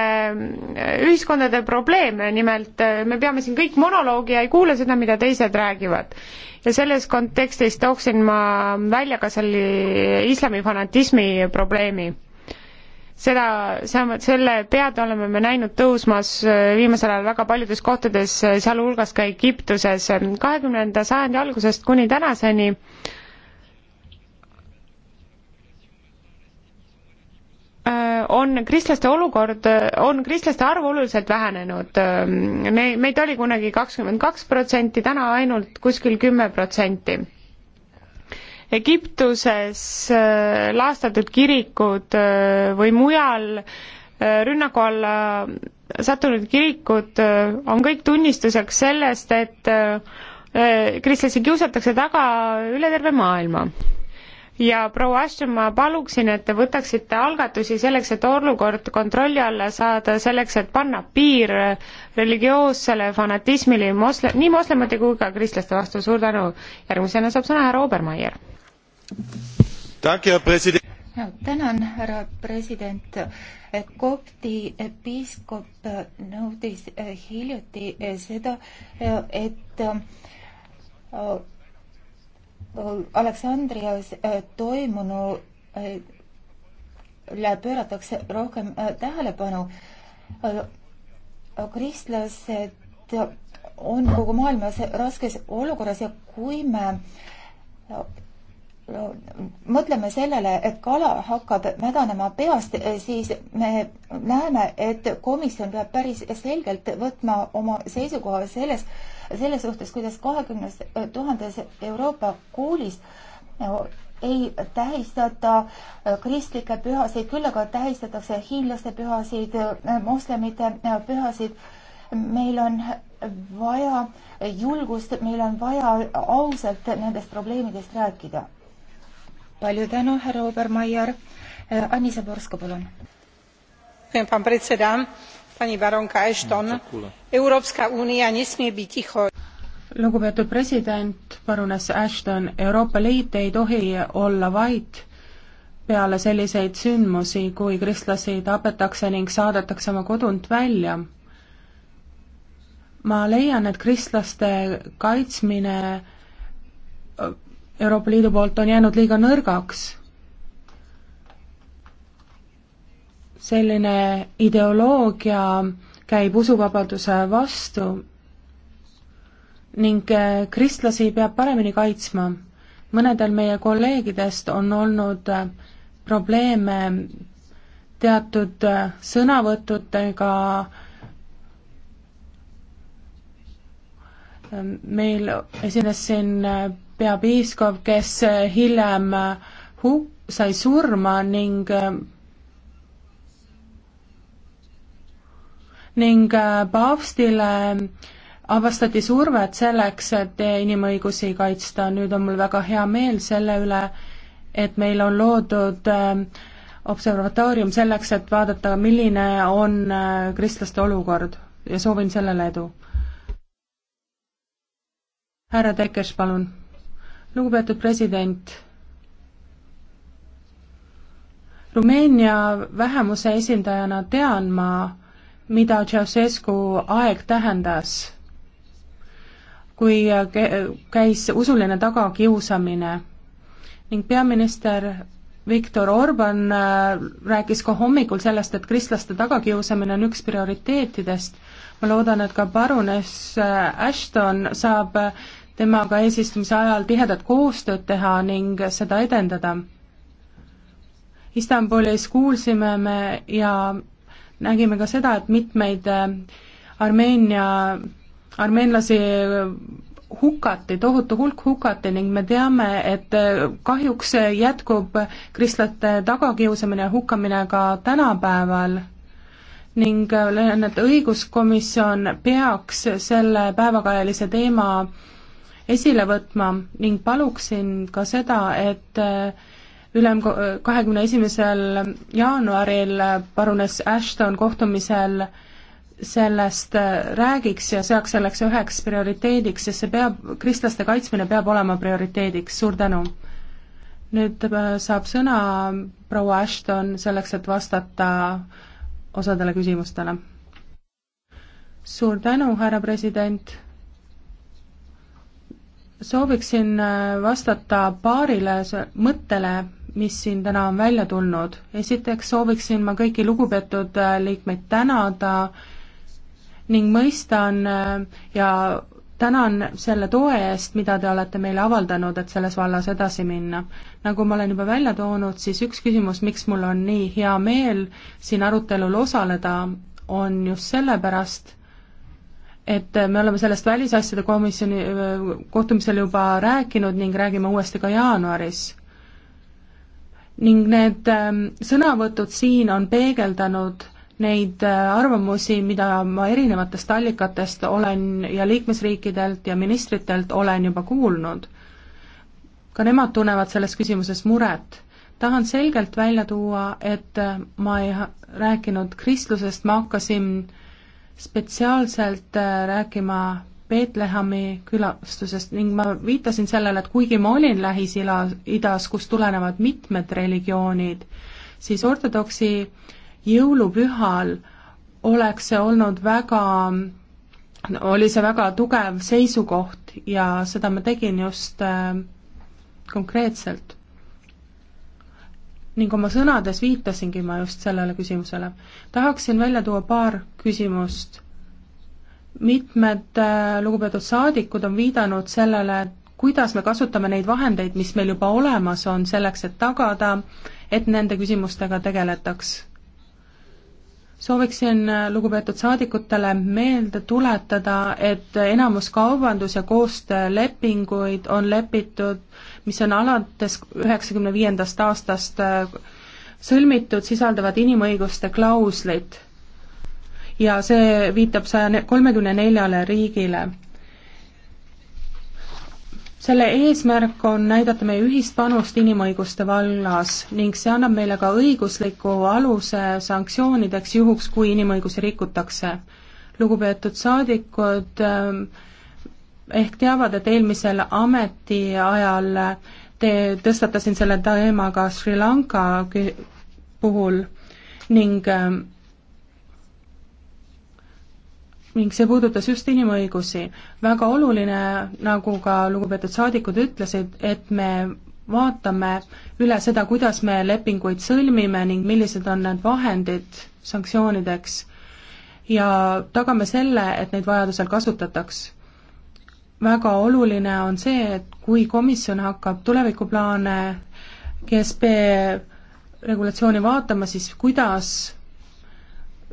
äh, ühiskondade probleem, nimelt äh, me peame siin kõik monoloogi ja ei kuule seda, mida teised räägivad. ja selles kontekstis tooksin ma välja ka selle islamifanatismi probleemi. seda, selle pead oleme me näinud tõusmas äh, viimasel ajal väga paljudes kohtades, sealhulgas ka Egiptuses. kahekümnenda sajandi algusest kuni tänaseni Äh, on kristlaste olukord, on kristlaste arv oluliselt vähenenud. Äh, me, meid oli kunagi kakskümmend kaks protsenti, täna ainult kuskil kümme protsenti. Egiptuses äh, laastatud kirikud või mujal rünnaku alla sattunud kirikud on kõik tunnistuseks sellest, et kristlasi kiusatakse taga üle terve maailma ja proua Ashton, ma paluksin, et te võtaksite algatusi selleks, et olukord kontrolli alla saada, selleks, et panna piir religioossele fanatismile mosle-, nii moslemite kui ka kristlaste vastu, suur tänu. järgmisena saab sõna härra Obermeier. No, tänan, härra president. Kopti piiskop nõudis hiljuti seda, et Aleksandrias äh, toimunule äh, pööratakse rohkem äh, tähelepanu. kristlased on kogu maailmas raskes olukorras ja kui me mõtleme sellele, et kala hakkab mädanema peast, siis me näeme, et komisjon peab päris selgelt võtma oma seisukoha selles, selle suhtes, kuidas kahekümnes äh, tuhandes Euroopa koolis äh, ei tähistata äh, kristlikke pühasid, küll aga tähistatakse hiinlaste pühasid, moslemite pühasid. meil on vaja julgust, meil on vaja ausalt nendest probleemidest rääkida. palju tänu, härra Obermeier. Anni Zaborska, palun pani barónka ashton európska únia nesmie byť ticho. lugupeetud president baroness ashton euroopa liit ei tohi olla vait peale selliseid sündmusi kui kristlasi tapetakse ning saadetakse oma kodunt välja ma leian et kristlaste kaitsmine euroopa liidu poolt on jäänud liiga nõrgaks selline ideoloogia käib usuvabaduse vastu ning äh, kristlasi peab paremini kaitsma. mõnedel meie kolleegidest on olnud äh, probleeme teatud äh, sõnavõttudega, ähm, meil esines siin peapiiskop, kes hiljem huk-, sai surma ning ning äh, paavstile äh, avastati survet selleks, et inimõigusi kaitsta, nüüd on mul väga hea meel selle üle, et meil on loodud äh, observatoorium selleks, et vaadata, milline on kristlaste olukord ja soovin sellele edu. härra Tekes, palun. lugupeetud president Rumeenia vähemuse esindajana tean ma, mida Ceausescu aeg tähendas, kui käis usuline tagakiusamine ning peaminister Viktor Orban äh, rääkis ka hommikul sellest, et kristlaste tagakiusamine on üks prioriteetidest. ma loodan, et ka paruness äh, Ashton saab äh, temaga eesistumise ajal tihedat koostööd teha ning seda edendada. Istanbulis kuulsime me ja nägime ka seda, et mitmeid äh, Armeenia, armeenlasi äh, hukati, tohutu hulk hukati ning me teame, et äh, kahjuks jätkub kristlaste tagakiusamine ja hukkamine ka tänapäeval ning leian, et õiguskomisjon peaks selle päevakajalise teema esile võtma ning paluksin ka seda, et ülem kahekümne esimesel jaanuaril parunes Ashton kohtumisel sellest äh, räägiks ja seaks selleks üheks prioriteediks, sest see peab, kristlaste kaitsmine peab olema prioriteediks, suur tänu. nüüd äh, saab sõna proua Ashton selleks, et vastata osadele küsimustele. suur tänu, härra president sooviksin äh, vastata paarile mõttele, mis siin täna on välja tulnud. esiteks sooviksin ma kõiki lugupeetud äh, liikmeid tänada ning mõistan äh, ja tänan selle toe eest, mida te olete meile avaldanud, et selles vallas edasi minna. nagu ma olen juba välja toonud, siis üks küsimus, miks mul on nii hea meel siin arutelul osaleda, on just sellepärast, et me oleme sellest välisasjade komisjoni äh, kohtumisel juba rääkinud ning räägime uuesti ka jaanuaris ning need ähm, sõnavõtud siin on peegeldanud neid äh, arvamusi, mida ma erinevatest allikatest olen ja liikmesriikidelt ja ministritelt olen juba kuulnud. ka nemad tunnevad selles küsimuses muret. tahan selgelt välja tuua, et äh, ma ei rääkinud kristlusest, ma hakkasin spetsiaalselt äh, rääkima Betlehemi külastusest ning ma viitasin sellele, et kuigi ma olin Lähis-Idas, kust tulenevad mitmed religioonid, siis ortodoksi jõulupühal oleks see olnud väga, oli see väga tugev seisukoht ja seda ma tegin just äh, konkreetselt ning oma sõnades viitasingi ma just sellele küsimusele. tahaksin välja tuua paar küsimust mitmed äh, lugupeetud saadikud on viidanud sellele, kuidas me kasutame neid vahendeid, mis meil juba olemas on, selleks et tagada, et nende küsimustega tegeletaks. sooviksin äh, lugupeetud saadikutele meelde tuletada, et enamus kaubandus- ja koostöölepinguid on lepitud, mis on alates üheksakümne viiendast aastast äh, sõlmitud, sisaldavad inimõiguste klauslit ja see viitab saja kolmekümne neljale riigile. selle eesmärk on näidata meie ühist panust inimõiguste vallas ning see annab meile ka õigusliku aluse sanktsioonideks juhuks, kui inimõigusi rikutakse. lugupeetud saadikud ähm, ehk teavad, et eelmisel ametiajal te tõstatasin selle teema ka Sri Lanka puhul ning ähm, ning see puudutas just inimõigusi. väga oluline, nagu ka lugupeetud saadikud ütlesid, et me vaatame üle seda, kuidas me lepinguid sõlmime ning millised on need vahendid sanktsioonideks ja tagame selle, et neid vajadusel kasutataks. väga oluline on see, et kui komisjon hakkab tulevikuplaane GSP regulatsiooni vaatama, siis kuidas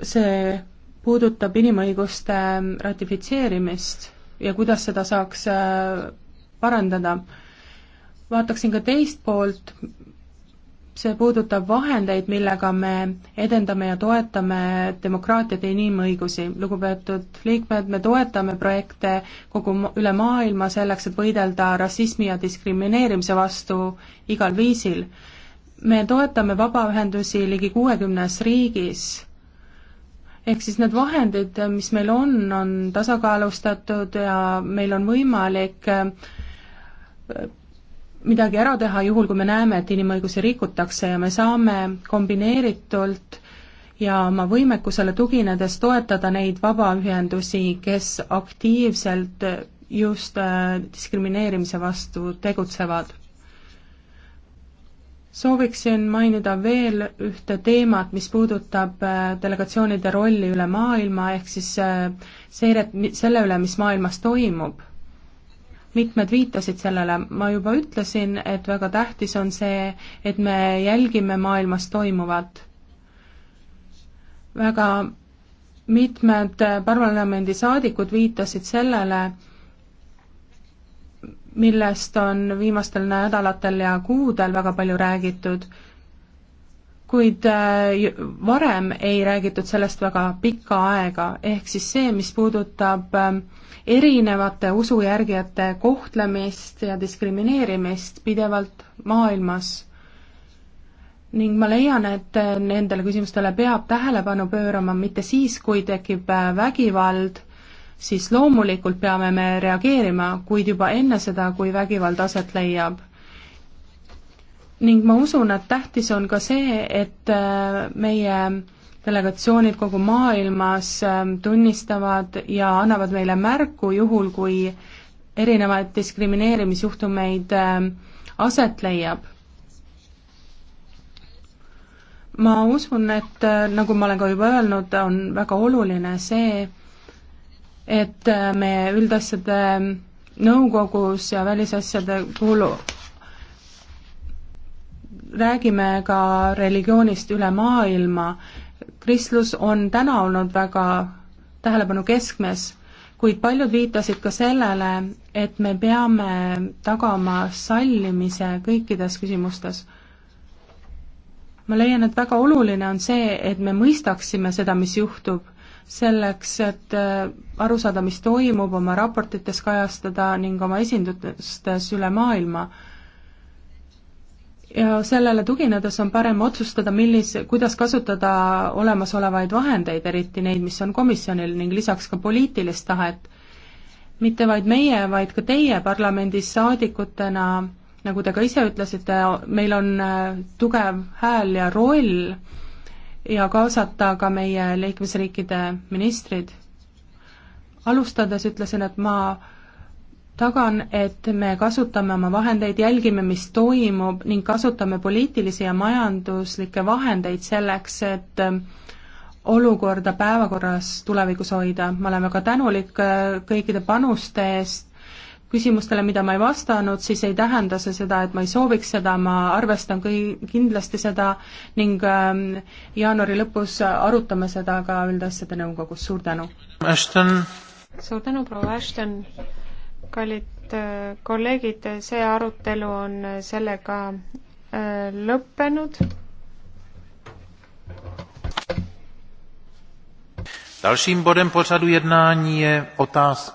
see puudutab inimõiguste ratifitseerimist ja kuidas seda saaks äh, parandada. vaataksin ka teist poolt, see puudutab vahendeid, millega me edendame ja toetame demokraatiat ja inimõigusi. lugupeetud liikmed, me toetame projekte kogu üle maailma selleks, et võidelda rassismi ja diskrimineerimise vastu igal viisil. me toetame vabaühendusi ligi kuuekümnes riigis ehk siis need vahendid, mis meil on, on tasakaalustatud ja meil on võimalik äh, midagi ära teha, juhul kui me näeme, et inimõigusi rikutakse ja me saame kombineeritult ja oma võimekusele tuginedes toetada neid vabaühendusi, kes aktiivselt just äh, diskrimineerimise vastu tegutsevad sooviksin mainida veel ühte teemat, mis puudutab äh, delegatsioonide rolli üle maailma, ehk siis äh, seiret selle üle, mis maailmas toimub. mitmed viitasid sellele, ma juba ütlesin, et väga tähtis on see, et me jälgime maailmas toimuvat. väga mitmed äh, parlamendisaadikud viitasid sellele, millest on viimastel nädalatel ja kuudel väga palju räägitud, kuid äh, varem ei räägitud sellest väga pikka aega, ehk siis see, mis puudutab ähm, erinevate usujärgijate kohtlemist ja diskrimineerimist pidevalt maailmas. ning ma leian, et äh, nendele küsimustele peab tähelepanu pöörama mitte siis, kui tekib äh, vägivald siis loomulikult peame me reageerima, kuid juba enne seda, kui vägivald aset leiab ning ma usun, et tähtis on ka see, et äh, meie delegatsioonid kogu maailmas ähm, tunnistavad ja annavad meile märku juhul, kui erinevaid diskrimineerimisjuhtumeid ähm, aset leiab. ma usun, et äh, nagu ma olen ka juba öelnud, on väga oluline see, et äh, me üldasjade nõukogus ja välisasjade puhul räägime ka religioonist üle maailma. kristlus on täna olnud väga tähelepanu keskmes, kuid paljud viitasid ka sellele, et me peame tagama sallimise kõikides küsimustes ma leian, et väga oluline on see, et me mõistaksime seda, mis juhtub selleks, et äh, aru saada, mis toimub, oma raportites kajastada ning oma esindustes üle maailma. ja sellele tuginedes on parem otsustada, millise, kuidas kasutada olemasolevaid vahendeid, eriti neid, mis on komisjonil, ning lisaks ka poliitilist tahet. mitte vaid meie, vaid ka teie parlamendis saadikutena, nagu te ka ise ütlesite, meil on äh, tugev hääl ja roll, ja kaasata ka meie liikmesriikide ministrid. alustades ütlesin, et ma tagan, et me kasutame oma vahendeid, jälgime, mis toimub ning kasutame poliitilisi ja majanduslikke vahendeid selleks, et äh, olukorda päevakorras tulevikus hoida. me oleme ka tänulik äh, kõikide panuste eest küsimustele, mida ma ei vastanud, siis ei tähenda see seda, et ma ei sooviks seda, ma arvestan kõi-, kindlasti seda ning ähm, jaanuari lõpus arutame seda ka üldasjade nõukogus, suur tänu! suur tänu, proua Ashton! kallid äh, kolleegid, see arutelu on äh, sellega äh, lõppenud. Dalším bodem pořadu jednání je otázka